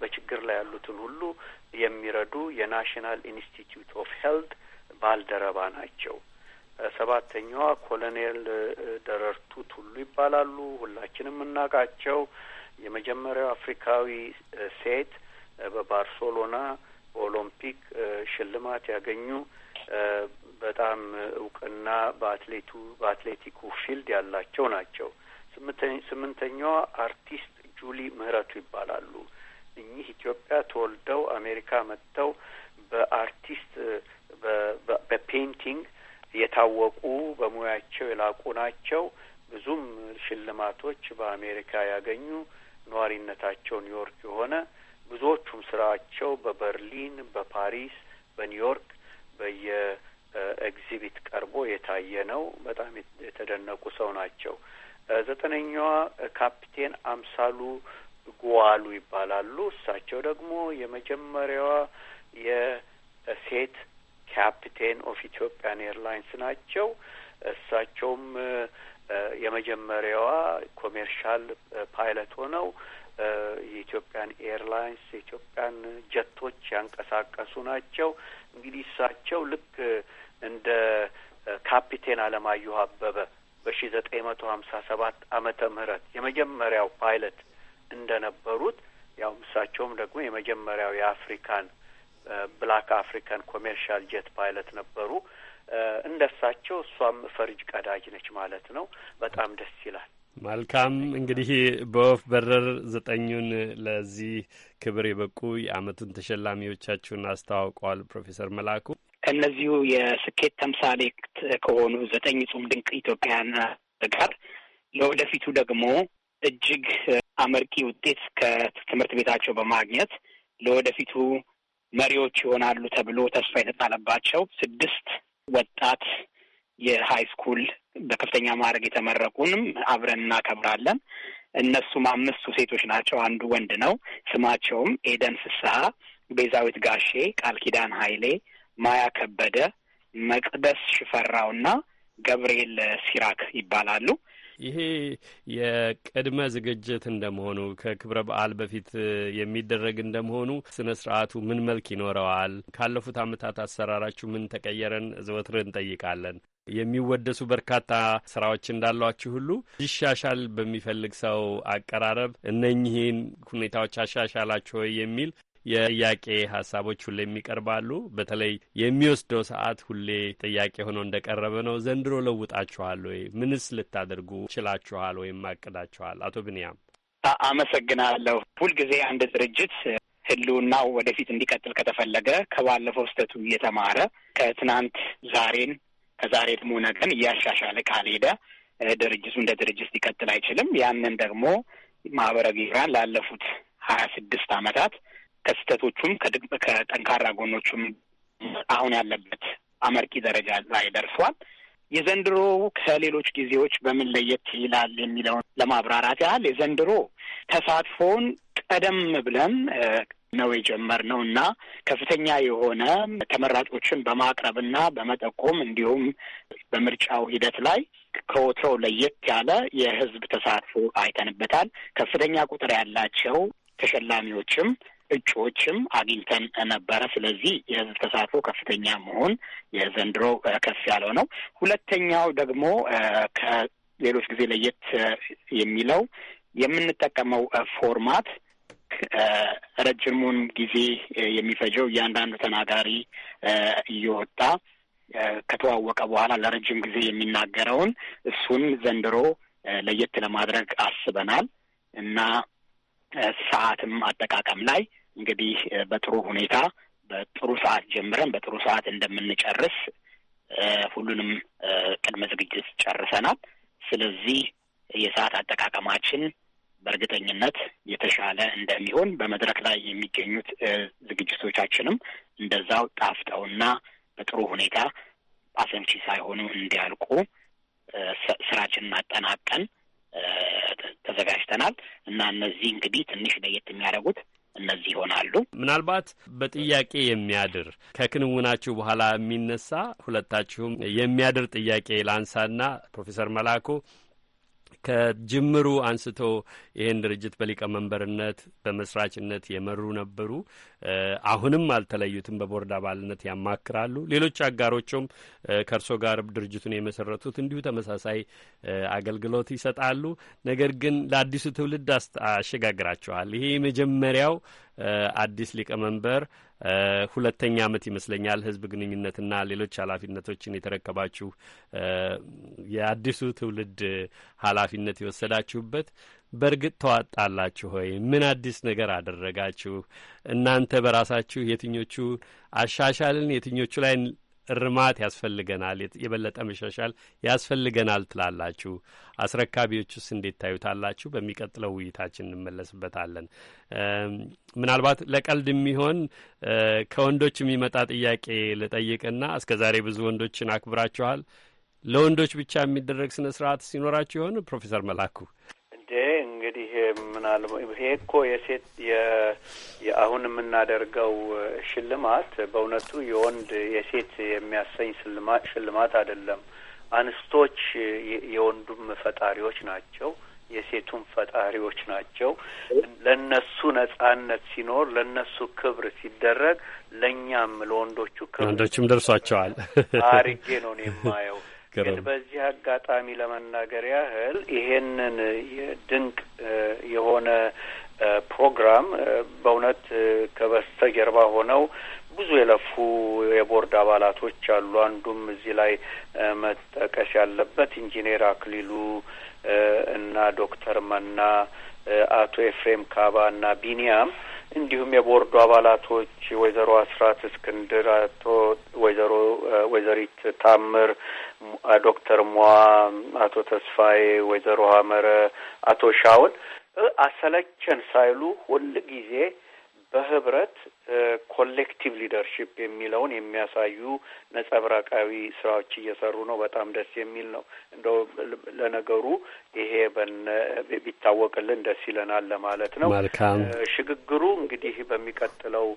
በችግር ላይ ያሉትን ሁሉ የሚረዱ የናሽናል ኢንስቲትዩት ኦፍ ሄልት ባልደረባ ናቸው። ሰባተኛዋ ኮሎኔል ደረርቱ ቱሉ ይባላሉ። ሁላችንም እናቃቸው። የመጀመሪያው አፍሪካዊ ሴት በባርሴሎና ኦሎምፒክ ሽልማት ያገኙ በጣም እውቅና በአትሌቱ በአትሌቲኩ ፊልድ ያላቸው ናቸው። ስምንተኛዋ አርቲስት ጁሊ ምህረቱ ይባላሉ። እኚህ ኢትዮጵያ ተወልደው አሜሪካ መጥተው በአርቲስት በፔይንቲንግ የታወቁ በሙያቸው የላቁ ናቸው። ብዙም ሽልማቶች በአሜሪካ ያገኙ፣ ነዋሪነታቸው ኒውዮርክ የሆነ ብዙዎቹም ስራቸው በበርሊን፣ በፓሪስ፣ በኒውዮርክ ኤግዚቢት ቀርቦ የታየ ነው። በጣም የተደነቁ ሰው ናቸው። ዘጠነኛዋ ካፕቴን አምሳሉ ጓሉ ይባላሉ። እሳቸው ደግሞ የመጀመሪያዋ የሴት ካፒቴን ኦፍ ኢትዮጵያን ኤርላይንስ ናቸው። እሳቸውም የመጀመሪያዋ ኮሜርሻል ፓይለት ሆነው የኢትዮጵያን ኤርላይንስ የኢትዮጵያን ጀቶች ያንቀሳቀሱ ናቸው። እንግዲህ እሳቸው ልክ እንደ ካፒቴን አለማየሁ አበበ በሺ ዘጠኝ መቶ ሀምሳ ሰባት አመተ ምህረት የመጀመሪያው ፓይለት እንደነበሩት ያው እሳቸውም ደግሞ የመጀመሪያው የአፍሪካን ብላክ አፍሪካን ኮሜርሻል ጀት ፓይለት ነበሩ። እንደ እሳቸው እሷም ፈርጅ ቀዳጅ ነች ማለት ነው። በጣም ደስ ይላል። መልካም እንግዲህ በወፍ በረር ዘጠኙን ለዚህ ክብር የበቁ የአመቱን ተሸላሚዎቻችሁን አስተዋውቀዋል ፕሮፌሰር መላኩ። ከእነዚሁ የስኬት ተምሳሌ ከሆኑ ዘጠኝ ጹም ድንቅ ኢትዮጵያውያን ጋር ለወደፊቱ ደግሞ እጅግ አመርቂ ውጤት ከትምህርት ቤታቸው በማግኘት ለወደፊቱ መሪዎች ይሆናሉ ተብሎ ተስፋ የተጣለባቸው ስድስት ወጣት የሀይ ስኩል በከፍተኛ ማዕረግ የተመረቁንም አብረን እናከብራለን። እነሱም አምስቱ ሴቶች ናቸው፣ አንዱ ወንድ ነው። ስማቸውም ኤደን ፍስሀ፣ ቤዛዊት ጋሼ፣ ቃል ኪዳን ኃይሌ፣ ማያ ከበደ፣ መቅደስ ሽፈራውና ገብርኤል ሲራክ ይባላሉ። ይሄ የቅድመ ዝግጅት እንደመሆኑ ከክብረ በዓል በፊት የሚደረግ እንደመሆኑ ስነ ስርዓቱ ምን መልክ ይኖረዋል? ካለፉት አመታት አሰራራችሁ ምን ተቀየረን? ዘወትር እንጠይቃለን። የሚወደሱ በርካታ ስራዎች እንዳሏችሁ ሁሉ ይሻሻል በሚፈልግ ሰው አቀራረብ እነኚህን ሁኔታዎች አሻሻላችሁ ወይ የሚል የጥያቄ ሀሳቦች ሁሌም ይቀርባሉ። በተለይ የሚወስደው ሰዓት ሁሌ ጥያቄ ሆኖ እንደቀረበ ነው። ዘንድሮ ለውጣችኋል ወይ? ምንስ ልታደርጉ ችላችኋል ወይም አቅዳችኋል? አቶ ብንያም አመሰግናለሁ። ሁልጊዜ አንድ ድርጅት ህልውናው ወደፊት እንዲቀጥል ከተፈለገ ከባለፈው ስህተቱ እየተማረ ከትናንት ዛሬን ከዛሬ ደግሞ ነገን እያሻሻለ ካልሄደ ድርጅቱ እንደ ድርጅት ሊቀጥል አይችልም። ያንን ደግሞ ማህበረ ጊራን ላለፉት ሀያ ስድስት አመታት ከስህተቶቹም ከጠንካራ ጎኖቹም አሁን ያለበት አመርቂ ደረጃ ላይ ደርሷል። የዘንድሮ ከሌሎች ጊዜዎች በምን ለየት ይላል የሚለውን ለማብራራት ያህል የዘንድሮ ተሳትፎውን ቀደም ብለን ነው የጀመርነው እና ከፍተኛ የሆነ ተመራጮችን በማቅረብ እና በመጠቆም እንዲሁም በምርጫው ሂደት ላይ ከወትሮው ለየት ያለ የሕዝብ ተሳትፎ አይተንበታል። ከፍተኛ ቁጥር ያላቸው ተሸላሚዎችም እጩዎችም አግኝተን ነበረ። ስለዚህ የህዝብ ተሳትፎ ከፍተኛ መሆን የዘንድሮ ከፍ ያለው ነው። ሁለተኛው ደግሞ ከሌሎች ጊዜ ለየት የሚለው የምንጠቀመው ፎርማት ረጅሙን ጊዜ የሚፈጀው እያንዳንዱ ተናጋሪ እየወጣ ከተዋወቀ በኋላ ለረጅም ጊዜ የሚናገረውን እሱን ዘንድሮ ለየት ለማድረግ አስበናል እና ሰዓትም አጠቃቀም ላይ እንግዲህ በጥሩ ሁኔታ በጥሩ ሰዓት ጀምረን በጥሩ ሰዓት እንደምንጨርስ ሁሉንም ቅድመ ዝግጅት ጨርሰናል። ስለዚህ የሰዓት አጠቃቀማችን በእርግጠኝነት የተሻለ እንደሚሆን በመድረክ ላይ የሚገኙት ዝግጅቶቻችንም እንደዛው ጣፍጠውና በጥሩ ሁኔታ አሰልቺ ሳይሆኑ እንዲያልቁ ስራችንን አጠናቀን ተዘጋጅተናል እና እነዚህ እንግዲህ ትንሽ ለየት የሚያደርጉት እነዚህ ይሆናሉ። ምናልባት በጥያቄ የሚያድር ከክንውናችሁ በኋላ የሚነሳ ሁለታችሁም የሚያድር ጥያቄ ላንሳና ፕሮፌሰር መላኩ ከጅምሩ አንስቶ ይህን ድርጅት በሊቀመንበርነት በመስራችነት የመሩ ነበሩ። አሁንም አልተለዩትም። በቦርድ አባልነት ያማክራሉ። ሌሎች አጋሮቹም ከእርሶ ጋር ድርጅቱን የመሰረቱት እንዲሁ ተመሳሳይ አገልግሎት ይሰጣሉ። ነገር ግን ለአዲሱ ትውልድ አሸጋግራቸዋል። ይሄ የመጀመሪያው አዲስ ሊቀመንበር ሁለተኛ ዓመት ይመስለኛል ህዝብ ግንኙነትና ሌሎች ኃላፊነቶችን የተረከባችሁ የአዲሱ ትውልድ ኃላፊነት የወሰዳችሁበት በእርግጥ ተዋጣላችሁ ሆይ? ምን አዲስ ነገር አደረጋችሁ? እናንተ በራሳችሁ የትኞቹ አሻሻልን፣ የትኞቹ ላይ እርማት ያስፈልገናል፣ የበለጠ መሻሻል ያስፈልገናል ትላላችሁ? አስረካቢዎቹስ እንዴት ታዩታላችሁ? በሚቀጥለው ውይይታችን እንመለስበታለን። ምናልባት ለቀልድ የሚሆን ከወንዶች የሚመጣ ጥያቄ ልጠይቅና እስከ ዛሬ ብዙ ወንዶችን አክብራችኋል። ለወንዶች ብቻ የሚደረግ ስነ ስርዓት ሲኖራችሁ ይሆን? ፕሮፌሰር መላኩ እንግዲህ ምናልባት ይሄ እኮ የሴት የአሁን የምናደርገው ሽልማት በእውነቱ የወንድ የሴት የሚያሰኝ ሽልማት አይደለም። አንስቶች የወንዱም ፈጣሪዎች ናቸው፣ የሴቱም ፈጣሪዎች ናቸው። ለነሱ ነጻነት ሲኖር፣ ለነሱ ክብር ሲደረግ፣ ለእኛም ለወንዶቹ ክብር ወንዶችም ደርሷቸዋል አርጌ ነው የማየው። ግን በዚህ አጋጣሚ ለመናገር ያህል ይሄንን ድንቅ የሆነ ፕሮግራም በእውነት ከበስተጀርባ ሆነው ብዙ የለፉ የቦርድ አባላቶች አሉ። አንዱም እዚህ ላይ መጠቀስ ያለበት ኢንጂነር አክሊሉ እና ዶክተር መና አቶ ኤፍሬም ካባ እና ቢኒያም እንዲሁም የቦርዱ አባላቶች ወይዘሮ አስራት እስክንድር፣ አቶ ወይዘሮ ወይዘሪት ታምር፣ ዶክተር ሟ፣ አቶ ተስፋዬ፣ ወይዘሮ ሀመረ፣ አቶ ሻውን አሰለቸን ሳይሉ ሁል ጊዜ በህብረት ኮሌክቲቭ ሊደርሺፕ የሚለውን የሚያሳዩ ነጸብራቃዊ ስራዎች እየሰሩ ነው። በጣም ደስ የሚል ነው። እንደው ለነገሩ ይሄ ቢታወቅልን ደስ ይለናል ለማለት ነው። መልካም ሽግግሩ እንግዲህ በሚቀጥለው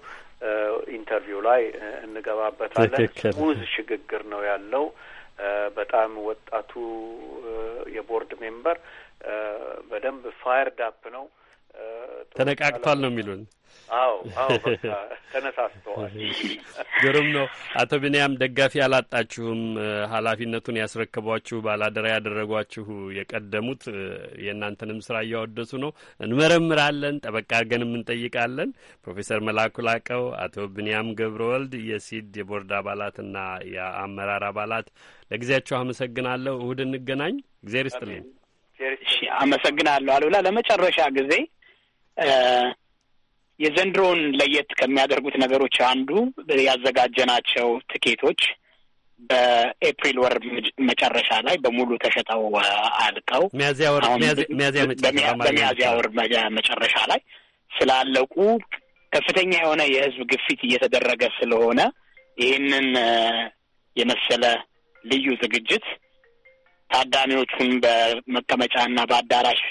ኢንተርቪው ላይ እንገባበታለን። ሙዝ ሽግግር ነው ያለው። በጣም ወጣቱ የቦርድ ሜምበር በደንብ ፋየርድ አፕ ነው። ተነቃቅቷል ነው የሚሉን አዎ አዎ በቃ ተነሳስተዋል። ግሩም ነው። አቶ ቢንያም ደጋፊ አላጣችሁም። ኃላፊነቱን ያስረከቧችሁ ባላደራ ያደረጓችሁ የቀደሙት የእናንተንም ስራ እያወደሱ ነው። እንመረምራለን፣ ጠበቃ አድርገንም እንጠይቃለን። ፕሮፌሰር መላኩ ላቀው፣ አቶ ቢንያም ገብረ ወልድ የሲድ የቦርድ አባላትና የአመራር አባላት ለጊዜያችሁ አመሰግናለሁ። እሁድ እንገናኝ። እግዜር ይስጥልኝ። አመሰግናለሁ አሉላ ለመጨረሻ ጊዜ የዘንድሮውን ለየት ከሚያደርጉት ነገሮች አንዱ ያዘጋጀናቸው ትኬቶች በኤፕሪል ወር መጨረሻ ላይ በሙሉ ተሸጠው አልቀው በሚያዝያ ወር መጨረሻ ላይ ስላለቁ ከፍተኛ የሆነ የህዝብ ግፊት እየተደረገ ስለሆነ ይህንን የመሰለ ልዩ ዝግጅት ታዳሚዎቹን በመቀመጫና በአዳራሽ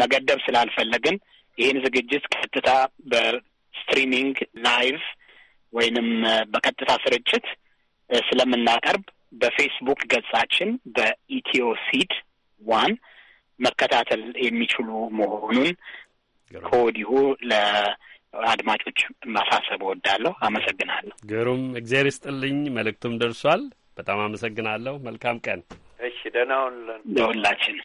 መገደብ ስላልፈለግን ይህን ዝግጅት ቀጥታ በስትሪሚንግ ላይቭ ወይንም በቀጥታ ስርጭት ስለምናቀርብ በፌስቡክ ገጻችን በኢትዮ ሲድ ዋን መከታተል የሚችሉ መሆኑን ከወዲሁ ለአድማጮች ማሳሰብ እወዳለሁ። አመሰግናለሁ። ግሩም እግዚአብሔር ይስጥልኝ። መልእክቱም ደርሷል። በጣም አመሰግናለሁ። መልካም ቀን። እሺ፣ ደህና ሁን ለሁላችን።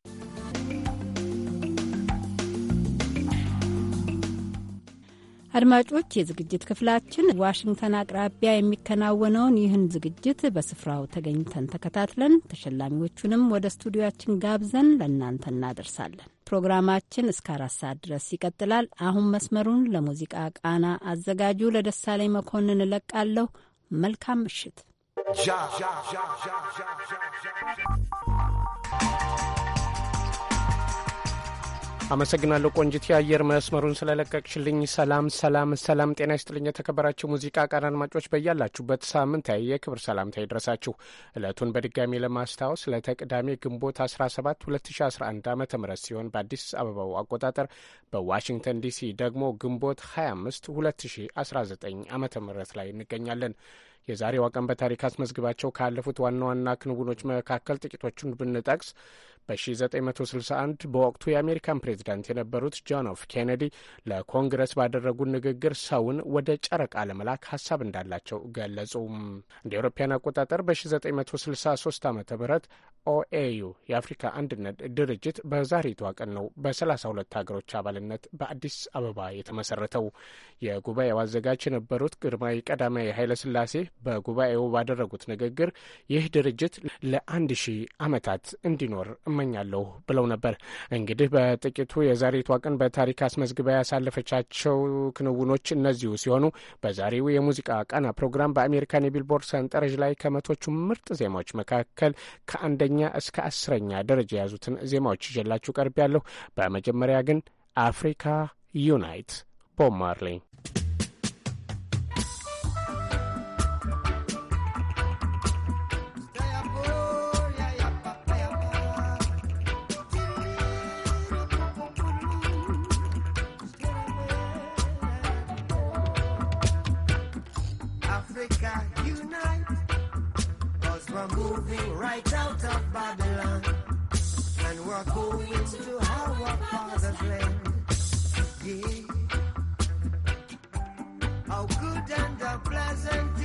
አድማጮች፣ የዝግጅት ክፍላችን ዋሽንግተን አቅራቢያ የሚከናወነውን ይህን ዝግጅት በስፍራው ተገኝተን ተከታትለን ተሸላሚዎቹንም ወደ ስቱዲያችን ጋብዘን ለእናንተ እናደርሳለን። ፕሮግራማችን እስከ አራት ሰዓት ድረስ ይቀጥላል። አሁን መስመሩን ለሙዚቃ ቃና አዘጋጁ ለደሳለኝ መኮንን እለቃለሁ። መልካም ምሽት። አመሰግናለሁ ቆንጂት፣ የአየር መስመሩን ስለለቀቅሽልኝ። ሰላም ሰላም ሰላም፣ ጤና ይስጥልኝ። የተከበራቸው ሙዚቃ ቀን አድማጮች በያላችሁበት ሳምንታዊ የክብር ሰላምታ ይድረሳችሁ። እለቱን በድጋሚ ለማስታወስ ለተቅዳሜ ግንቦት 17 2011 ዓ ም ሲሆን በአዲስ አበባው አቆጣጠር በዋሽንግተን ዲሲ ደግሞ ግንቦት 25 2019 ዓ ም ላይ እንገኛለን። የዛሬዋ ቀን በታሪክ አስመዝግባቸው ካለፉት ዋና ዋና ክንውኖች መካከል ጥቂቶቹን ብንጠቅስ በ1961 በወቅቱ የአሜሪካን ፕሬዝዳንት የነበሩት ጆን ኦፍ ኬኔዲ ለኮንግረስ ባደረጉት ንግግር ሰውን ወደ ጨረቃ ለመላክ ሀሳብ እንዳላቸው ገለጹ። እንደ አውሮፓውያን አቆጣጠር በ1963 ዓ ም ኦኤዩ የአፍሪካ አንድነት ድርጅት በዛሬቷ ቀን ነው በ32 ሀገሮች አባልነት በአዲስ አበባ የተመሰረተው። የጉባኤው አዘጋጅ የነበሩት ግርማዊ ቀዳማዊ ኃይለሥላሴ በጉባኤው ባደረጉት ንግግር ይህ ድርጅት ለአንድ ሺህ ዓመታት እንዲኖር እመኛለሁ ብለው ነበር። እንግዲህ በጥቂቱ የዛሬቷ ቀን በታሪክ አስመዝግባ ያሳለፈቻቸው ክንውኖች እነዚሁ ሲሆኑ በዛሬው የሙዚቃ ቃና ፕሮግራም በአሜሪካን የቢልቦርድ ሰንጠረዥ ላይ ከመቶቹ ምርጥ ዜማዎች መካከል ከአንደኛ እስከ አስረኛ ደረጃ የያዙትን ዜማዎች ይዤላችሁ ቀርቤያለሁ። በመጀመሪያ ግን አፍሪካ ዩናይት ቦብ we we're moving right out of Babylon. And we're going to our father's land. Yeah. How good and how pleasant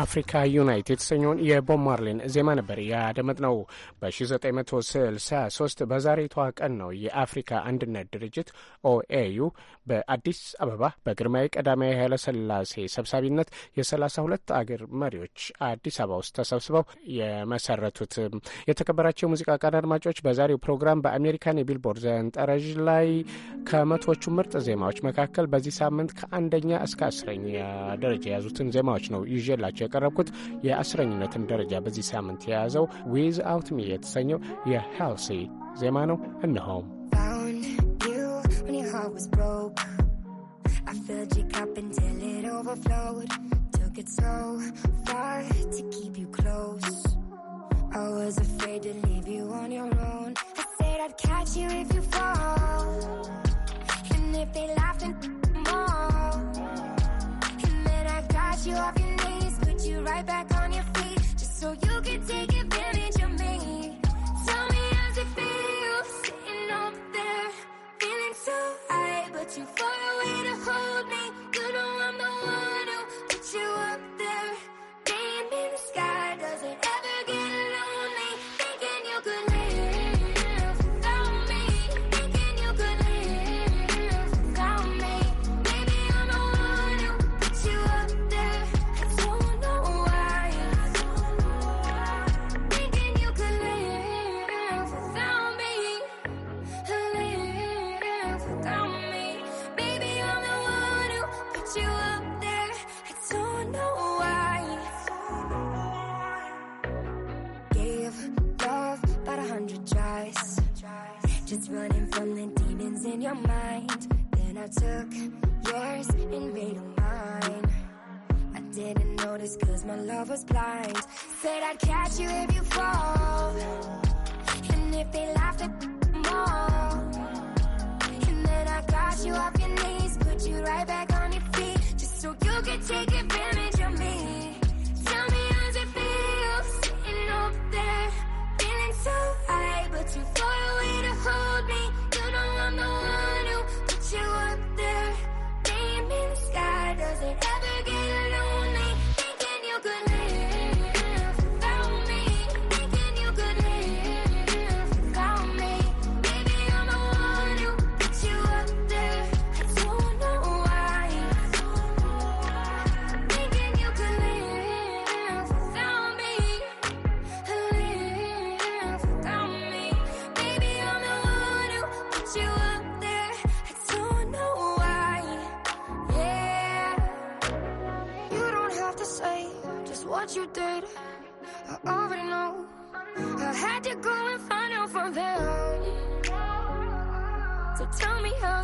አፍሪካ ዩናይት የተሰኘውን የቦብ ማርሊን ዜማ ነበር ያደመጥነው። በ1963 በዛሬቷ ቀን ነው የአፍሪካ አንድነት ድርጅት ኦኤዩ በአዲስ አበባ በግርማዊ ቀዳማዊ ኃይለ ሥላሴ ሰብሳቢነት የ32 አገር መሪዎች አዲስ አበባ ውስጥ ተሰብስበው የመሰረቱት። የተከበራቸው የሙዚቃ ቃና አድማጮች፣ በዛሬው ፕሮግራም በአሜሪካን የቢልቦርድ ዘንጠረዥ ላይ ከመቶዎቹ ምርጥ ዜማዎች መካከል በዚህ ሳምንት ከአንደኛ እስከ አስረኛ ደረጃ የያዙትን ዜማዎች ነው ይዤላቸው ይዤላቸው የቀረብኩት የአስረኝነትን ደረጃ በዚህ ሳምንት የያዘው ዊዝ አውት ሚ የተሰኘው የሄልሲ ዜማ ነው። እነሆም it so far to keep you close. I was afraid to leave you on your own. I said I'd catch you if you fall. And if they laughed and more, and then I got you off your you right back on your feet just so you can take advantage of me. Tell me how's it feel sitting up there, feeling so high, but you far away to hold me. You know I'm the one who put you up. running from the demons in your mind. Then I took yours and made them mine. I didn't notice cause my love was blind. Said I'd catch you if you fall. And if they laughed at all. And then I got you off your knees, put you right back on your feet. Just so you could take advantage Hold me you know I'm the one who put you up there. Name in the sky, does it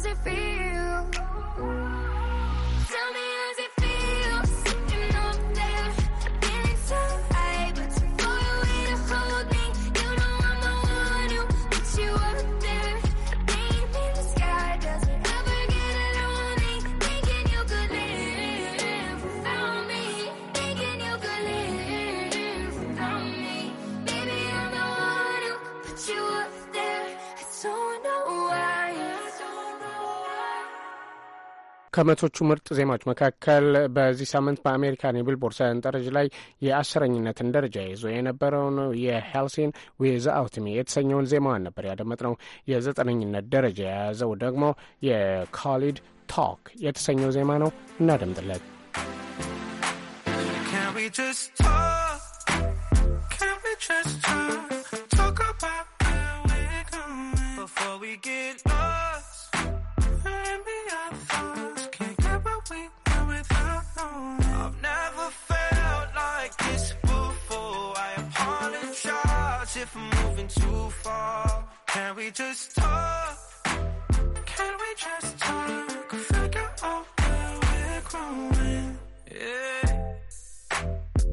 it feel. ከመቶቹ ምርጥ ዜማዎች መካከል በዚህ ሳምንት በአሜሪካን የቢልቦርድ ሰንጠረዥ ላይ የአስረኝነትን ደረጃ ይዞ የነበረውን የሄልሲን ዊዝ አውትሚ የተሰኘውን ዜማዋን ነበር ያደመጥነው። የዘጠነኝነት ደረጃ የያዘው ደግሞ የካሊድ ቶክ የተሰኘው ዜማ ነው። እናደምጥለት። Before we get lost if I'm moving too far. Can we just talk? Can we just talk? Figure out where we're growing. Yeah.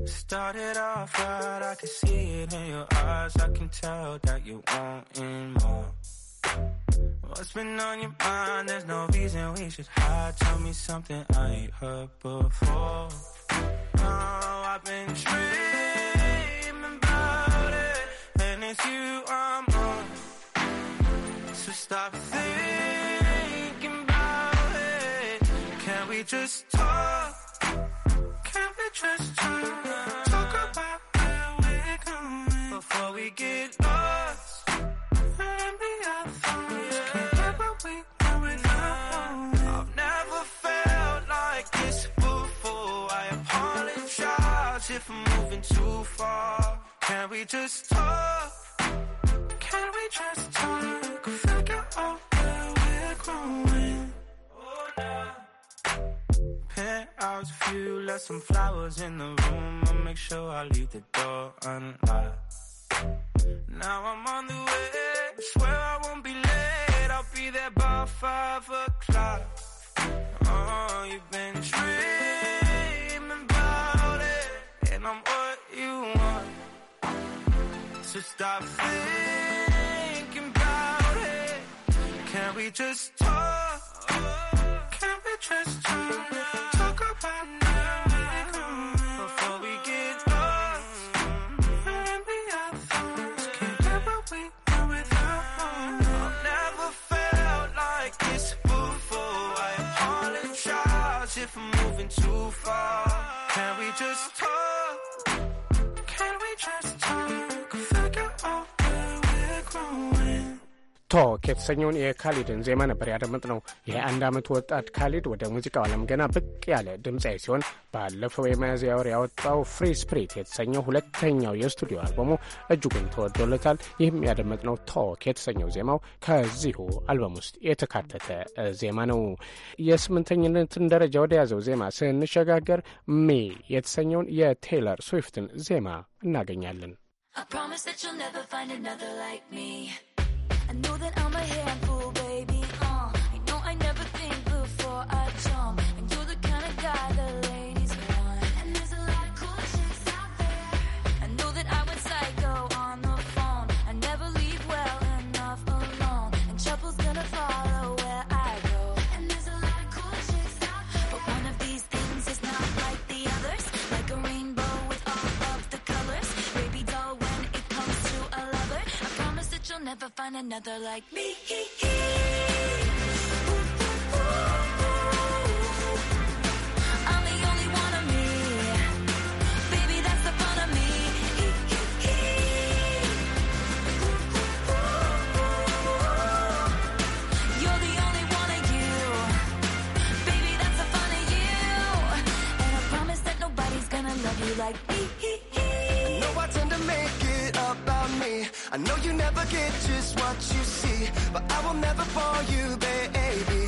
Started off right, I can see it in your eyes. I can tell that you want more. What's been on your mind? There's no reason we should hide. Tell me something I ain't heard before. Oh, I've been tricked without you So stop thinking about it. Can we just talk? Can we just talk? Talk about where we're going before we get lost. Let me out we I've never felt like this before. I apologize if I'm moving too far. Can we just talk? Penthouse view, left some flowers in the room. I make sure I leave the door unlocked. Now I'm on the way. Swear I won't be late. I'll be there by five o'clock. Uh, oh, uh, you've been dreaming about it, and I'm what you want. So stop thinking we just talk? Can we just talk? ቶክ የተሰኘውን የካሊድን ዜማ ነበር ያደመጥ ያደመጥነው። አንድ ዓመት ወጣት ካሊድ ወደ ሙዚቃው ዓለም ገና ብቅ ያለ ድምፃዊ ሲሆን ባለፈው የሚያዝያ ወር ያወጣው ፍሪ ስፕሪት የተሰኘው ሁለተኛው የስቱዲዮ አልበሙ እጅጉን ተወዶለታል። ይህም ነው ቶክ የተሰኘው ዜማው ከዚሁ አልበም ውስጥ የተካተተ ዜማ ነው። የስምንተኝነትን ደረጃ ወደ ያዘው ዜማ ስንሸጋገር ሜ የተሰኘውን የቴይለር ስዊፍትን ዜማ እናገኛለን። I promise that you'll never find another like me. I know that I'm a handful, baby. never find another like me. forever for you, baby.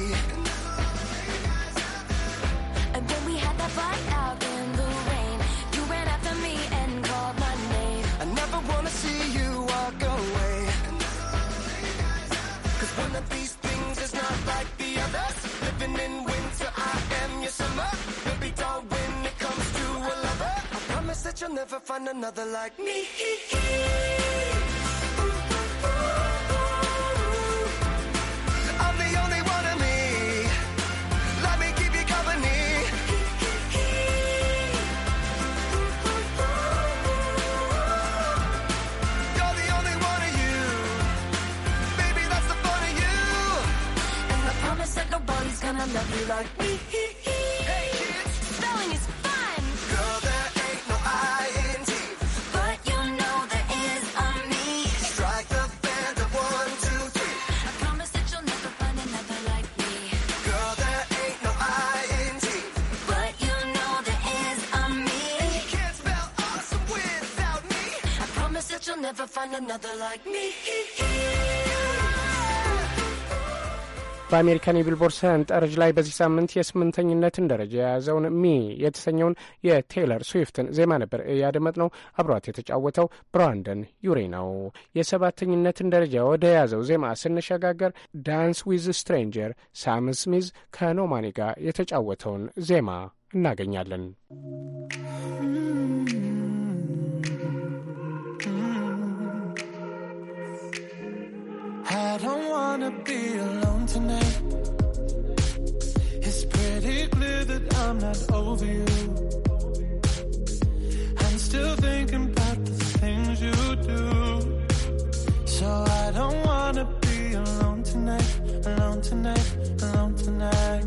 And then we had that fight out in the rain, you ran after me and called my name. I never wanna see you walk away. Cause one of these things is not like the others. Living in winter, I am your summer. Baby doll, when it comes to a lover, I promise that you'll never find another like me. በአሜሪካን የቢልቦርድ ሰንጠረዥ ላይ በዚህ ሳምንት የስምንተኝነትን ደረጃ የያዘውን ሚ የተሰኘውን የቴይለር ስዊፍትን ዜማ ነበር ያደመጥነው። አብሯት የተጫወተው ብራንደን ዩሪ ነው። የሰባተኝነትን ደረጃ ወደ ያዘው ዜማ ስንሸጋገር ዳንስ ዊዝ ስትሬንጀር ሳም ስሚዝ ከኖማኒ ጋር የተጫወተውን ዜማ እናገኛለን። I don't wanna be alone tonight. It's pretty clear that I'm not over you. I'm still thinking about the things you do. So I don't wanna be alone tonight, alone tonight, alone tonight.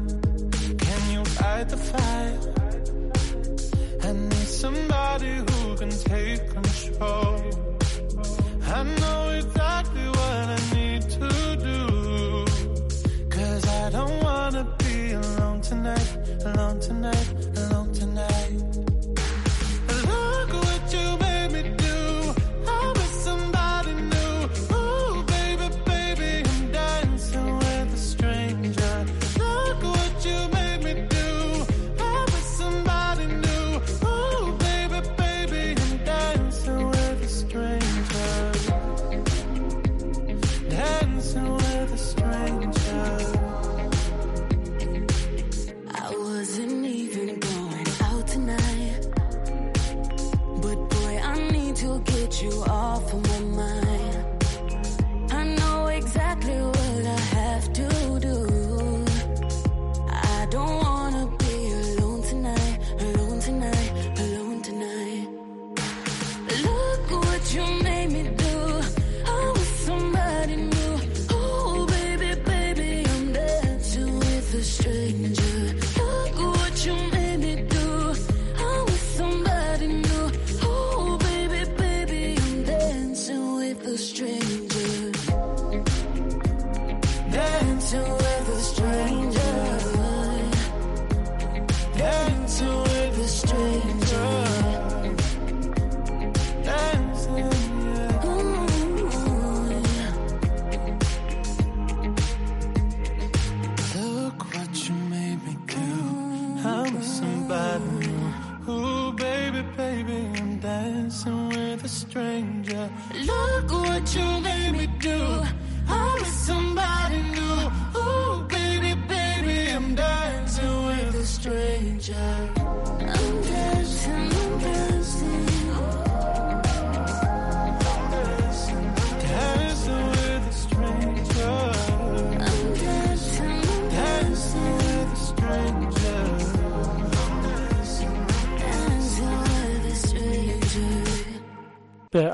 Can you fight the fire? I need somebody who can take control. I know it's tonight, alone tonight, alone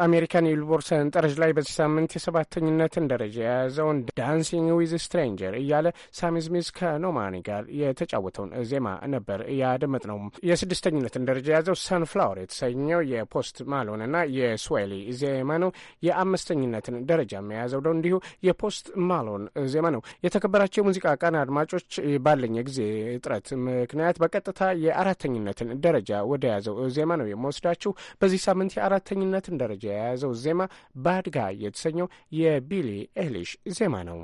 አሜሪካን የቢልቦርድ ሰንጠረዥ ላይ በዚህ ሳምንት የሰባተኝነትን ደረጃ የያዘውን ዳንሲንግ ዊዝ ስትሬንጀር እያለ ሳሚ ስሚዝ ከኖማኒ ጋር የተጫወተውን ዜማ ነበር ያደመጥ ነው። የስድስተኝነትን ደረጃ የያዘው ሰንፍላወር የተሰኘው የፖስት ማሎንና የስዌሊ ዜማ ነው። የአምስተኝነትን ደረጃ የያዘው ደው እንዲሁ የፖስት ማሎን ዜማ ነው። የተከበራቸው የሙዚቃ ቃና አድማጮች ባለኝ ጊዜ እጥረት ምክንያት በቀጥታ የአራተኝነትን ደረጃ ወደ ያዘው ዜማ ነው የምወስዳችሁ። በዚህ ሳምንት የአራተኝነትን ደረጃ የያዘው ዜማ ባድ ጋይ የተሰኘው የቢሊ ኤሊሽ ዜማ ነው።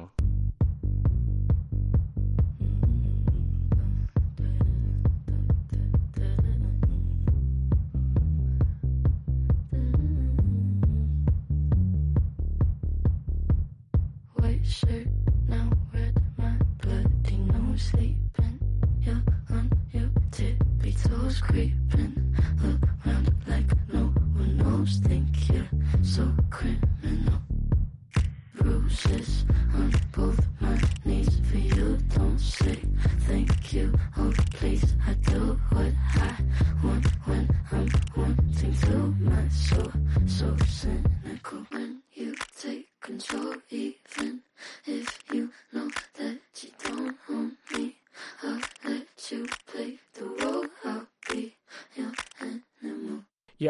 Shirt now red, my bloody nose sleeping. You're on your tippy toes creeping around like most, thank you.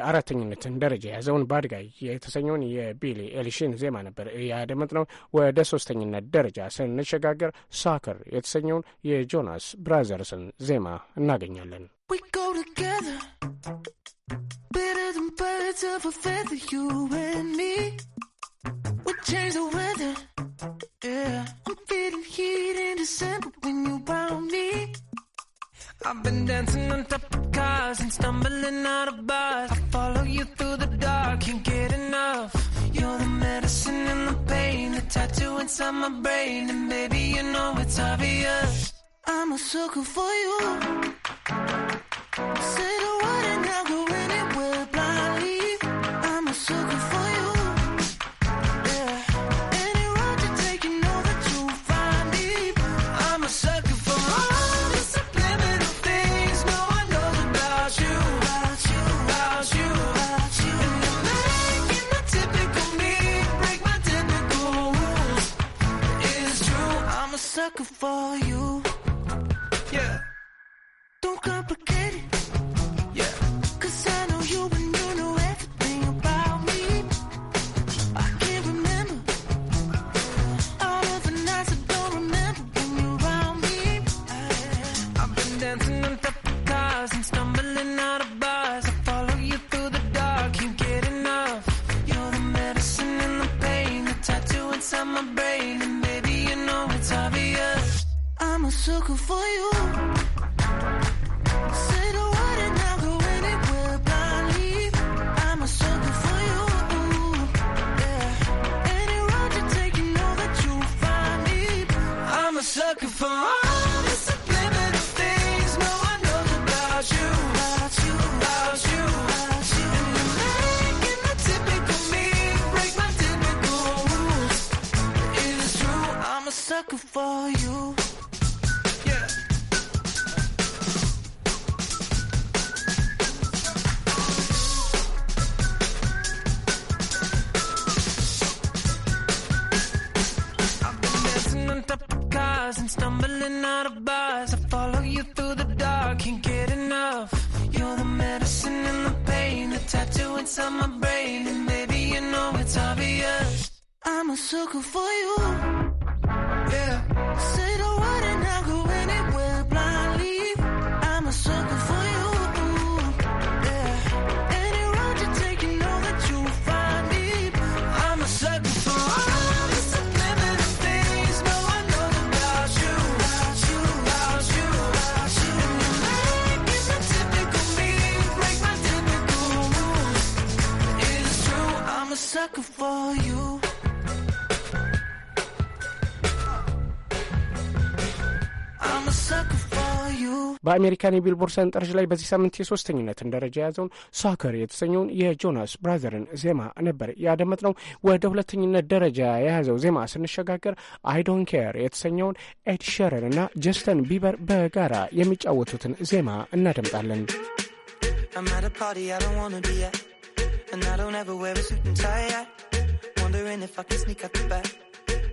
የአራተኝነትን ደረጃ የያዘውን ባድጋይ የተሰኘውን የቢሊ ኤሊሽን ዜማ ነበር ነው ወደ ሶስተኝነት ደረጃ ስንሸጋገር ሳከር የተሰኘውን የጆናስ ብራዘርስን ዜማ እናገኛለን። yeah. I'm feeling heat in December when you found me. I've been dancing on top of cars and stumbling out of bars. I follow you through the dark, can't get enough. You're the medicine and the pain, the tattoo inside my brain. And baby, you know it's obvious. I'm a sucker for you. Say the word and I'll go anywhere blindly. I'm a sucker sucker for you. በአሜሪካን የቢልቦርድ ሰንጠረዥ ላይ በዚህ ሳምንት የሶስተኝነትን ደረጃ የያዘውን ሳከር የተሰኘውን የጆናስ ብራዘርን ዜማ ነበር ያደመጥነው። ወደ ሁለተኝነት ደረጃ የያዘው ዜማ ስንሸጋገር አይዶን ኬር የተሰኘውን ኤድ ሸረን እና ጀስተን ቢበር በጋራ የሚጫወቱትን ዜማ እናደምጣለን።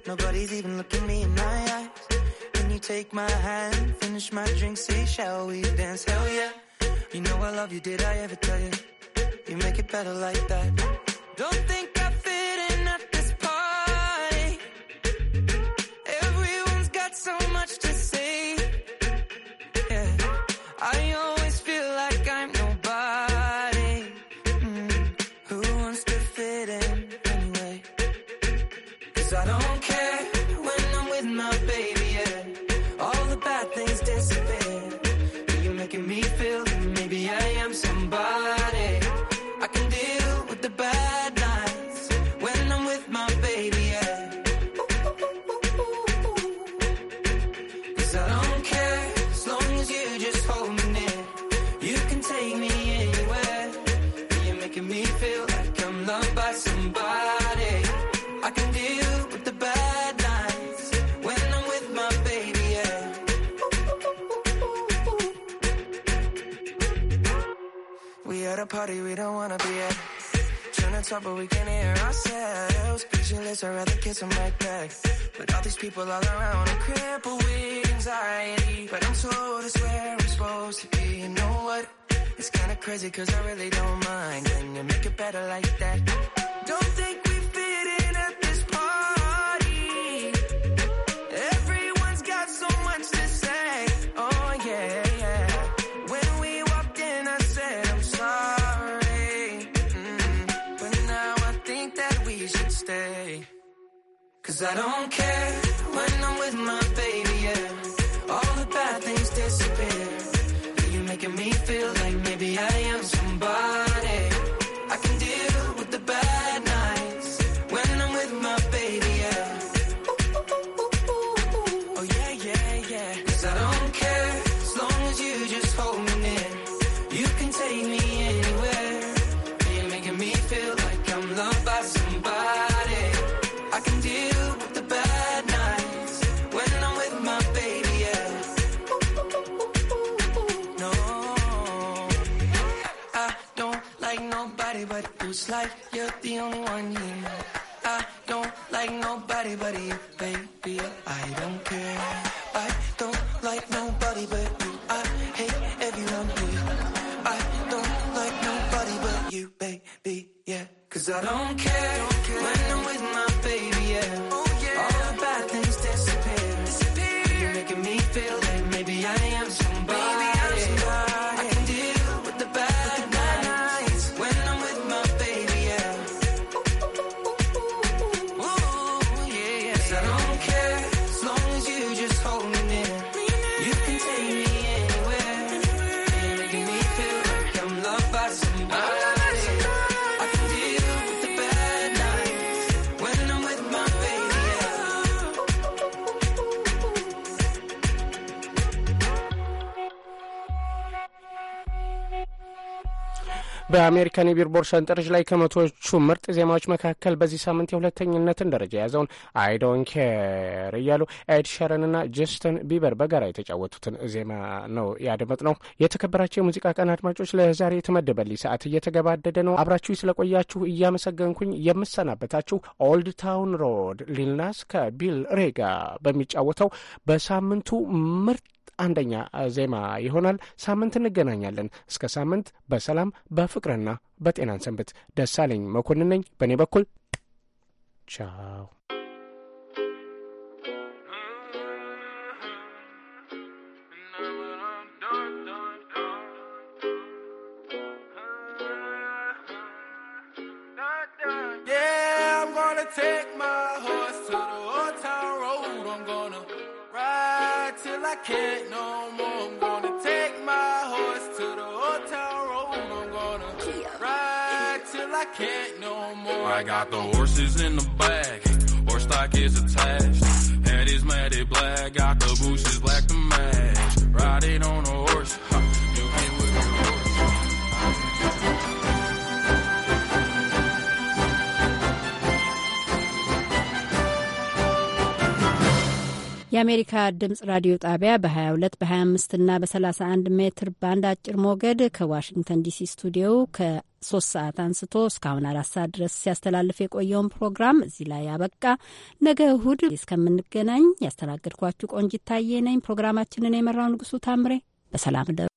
Nobody's even looking me in my eyes. take my hand, finish my drink, say, shall we dance? Hell yeah. You know I love you, did I ever tell you? You make it better like that. Don't think I fit in at this party. Everyone's got so much to party we don't wanna be at. Turn to talk, but we can hear ourselves. Pictureless, I'd rather kiss a backpack. But all these people all around, i crippled with anxiety. But I'm told it's where I'm supposed to be. You know what? It's kinda crazy, cause I really don't mind. And you make it better like that? Cause I don't care when I'm with my baby, yeah. All the bad things disappear. But you're making me feel like maybe I am. በአሜሪካን የቢልቦርድ ሰንጠረዥ ላይ ከመቶዎቹ ምርጥ ዜማዎች መካከል በዚህ ሳምንት የሁለተኝነትን ደረጃ የያዘውን አይ ዶን ኬር እያሉ ኤድ ና ጀስትን ቢበር በጋራ የተጫወቱትን ዜማ ነው ያደመጥ ነው። የተከበራቸው የሙዚቃ ቀን አድማጮች ለዛሬ የተመደበልኝ ሰዓት እየተገባደደ ነው። አብራችሁ ስለቆያችሁ እያመሰገንኩኝ የምሰናበታችሁ ኦልድ ታውን ሮድ ሊልናስ ከቢል ሬጋ በሚጫወተው በሳምንቱ ምርጥ አንደኛ ዜማ ይሆናል። ሳምንት እንገናኛለን። እስከ ሳምንት በሰላም በፍቅርና በጤናን ሰንብት። ደሳለኝ መኮንን ነኝ። በእኔ በኩል ቻው። Take can't no more. I'm gonna take my horse to the hotel room. I'm gonna ride till I can't no more. I got the horses in the back. Horse stock is attached. Head is matted black. Got the bushes black to match. Riding on a horse. Huh. You ain't with no horse. የአሜሪካ ድምጽ ራዲዮ ጣቢያ በ22 በ25 እና በ31 ሜትር ባንድ አጭር ሞገድ ከዋሽንግተን ዲሲ ስቱዲዮ ከሶስት ሰዓት አንስቶ እስካሁን አራት ሰዓት ድረስ ሲያስተላልፍ የቆየውን ፕሮግራም እዚህ ላይ ያበቃ። ነገ እሁድ እስከምንገናኝ ያስተናገድኳችሁ ቆንጂት ታዬ ነኝ። ፕሮግራማችንን የመራው ንጉሱ ታምሬ። በሰላም ደ